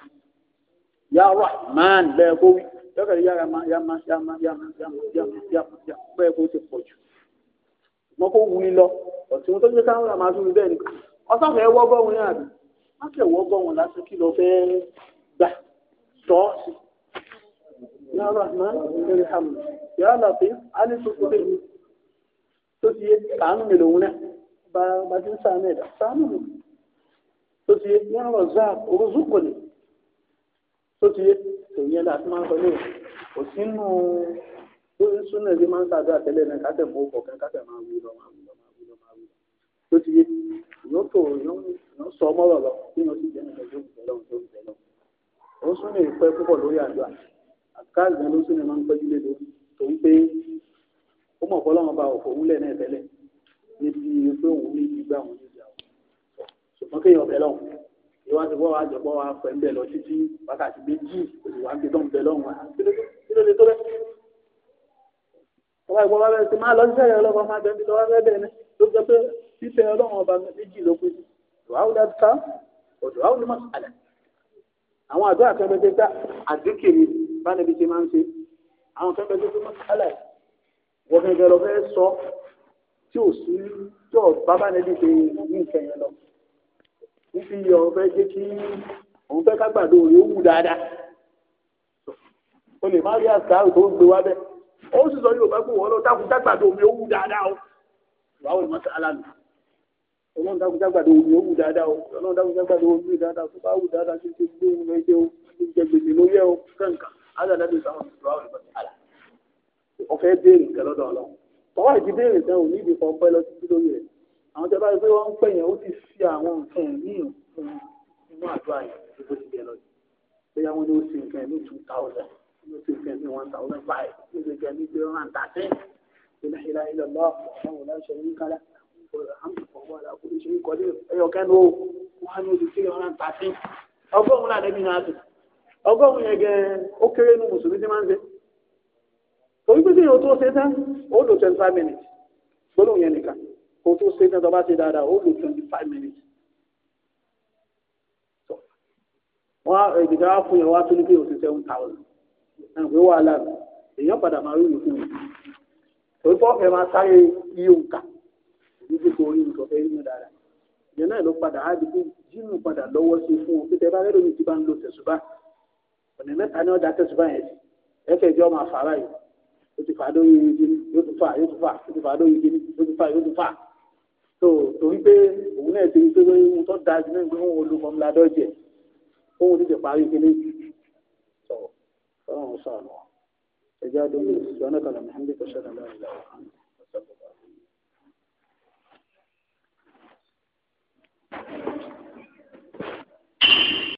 yàrá man bẹ́ẹ̀ kó wí lọ́kẹ̀rẹ́ yàrá ma yàmá yàmá yàmá yàmá yàmá yàmá bẹ́ẹ̀ kó ti pọ̀ jù mọ́kó wuli lọ ọ̀tún tó ń gbé káwọn àmàtúndú bẹ́ẹ̀ ni ọsàfẹ́ wọ́ bọ́hun náà bí wọ́n kẹ̀ wọ́ bọ́hun lásán kí lọ fẹ́ gbà tọ́ sí. ya rahman irham ya latif alifu kudir tó ti yé kàánù mi lòun náà bá bá ti ń sàánù ẹ̀dá sàánù mi tó ti yé ya razak orúzúkọ ni tó ti yé èyí ẹ̀dá tó máa ń sọ ní òsínú lórí súnà ẹ̀dí máa ń sàdó àtẹ́lẹ̀ náà kátẹ̀ mọ́ ọkọ̀ kátẹ̀ máa wú lọ tó ti yé ìyó tó ìyó sọ ọmọ rẹ lọ kí ti jẹ nígbà tó ń bẹ lọhùn tó ń bẹ lọhùn ó sún lè pẹ́ púpọ̀ lórí àdúrà àkáàzì náà ló sún lè máa ń pẹ́jú lé lórí tó ń pé ó mọ̀ fọ́ lọ́wọ́ bá òfò wúlẹ̀ náà tẹ́lẹ̀ níbi pé òun ní ìgbà òun ní ìgbà òun ṣùgbọ́n kéèyàn ọbẹ̀ lọ́hùn ìwà bọ́ fífẹ́ ọlọ́run ọba méjì ló pín sí ìwáwó dáta ọ̀dọ̀ àwọn onímọ̀ àlẹ́ àwọn àdúrà kan bẹ́ẹ̀ gbá àdúkèrè bánibí ti máa ń ṣe àwọn kan bẹ́ẹ̀ gbé mọ́sálẹ̀ wọ́n gẹ́gẹ́ lọ fẹ́ sọ tí ò sí tí ò bá bánibí ṣe ní nǹkan yẹn lọ ń fi yọ ọ fẹ́ jẹ́ kí òun fẹ́ kágbàdo rẹ̀ ó wù dáadáa o lè má rí àṣàrò tó ń gbé wá bẹ́ẹ̀ ó sì sọ yóò bá gbé wọ́n lọ dákúndágbàdo mi ó wù dáadáa o ìwáwó ni mọ́sálẹ̀ nù ọlọ́run dákun jágbàdo omi ó wù dáadáa o ọlọ́run dákun jágbàdo omi dáadáa tó bá wù dáadáa tó ti gbé ohun ẹgbẹ́ o tó jẹ gbèsè lórí ẹ o kẹ́ǹkà ádàdà lè sáwọn ìṣòro àwọn ìbọn àlà ọ̀fẹ́ béèrè nǹkan lọ́dọ̀ ọlọ́run tọ́wọ́ ìdí béèrè náà ò ní ìdí kan pẹ́ lọ títí lórí rẹ̀ àwọn tẹ́ bá rí pé wọ́n ń pẹ̀yàn ó ti fi àwọn nǹkan ẹ̀mí fún inú àdúrà yẹn tó ti bẹ̀ lọ bóyá wọ́n ní ó ṣe nǹkan ẹ̀mí two ọgọ́rùn-ún làdẹ́bí náà tó ọgọ́rùn-ún yẹn gẹ́ẹ́ ó kéré nù mùsùlùmí tí máa ń ṣe torí pé tó ṣe tán ó lò twenty minutes gbólóhùn yẹn nìkan kó tó ṣe tán tó bá ṣe dáadáa ó lò minutes ìdìgbà fún yẹn wá tó ní pé pé èèyàn padà máa rí ìlú fún torí máa sáré iye òǹkà. níbi kò rí nǹkan fẹ́ nínú dára ìyẹn náà ló padà á di pé jínú padà lọ́wọ́ sí fún un pété bá rẹ́rọ̀ mi ti bá ń lo tẹ̀sùbá ọ̀nà mẹ́ta ni wọ́n da tẹ̀sùbá yẹn sí ẹ̀fẹ̀ jẹ́ ọmọ àfàrà yìí ó ti fà á lórí ìdíní yóò tún fà yóò tún fà ó ti fà á lórí ìdíní yóò tún fà yóò tún fà tó torí pé òun náà ti rí pé ohun tó da jù náà pé òun olùkọ́ ńlá dọ́jẹ̀ òun ti ti parí kíní sọ̀rọ̀ sọ̀rọ̀ sọ̀rọ̀ ẹ̀jẹ̀ adóhùn ìsìnkú ọ̀nà kan lọ́mọ́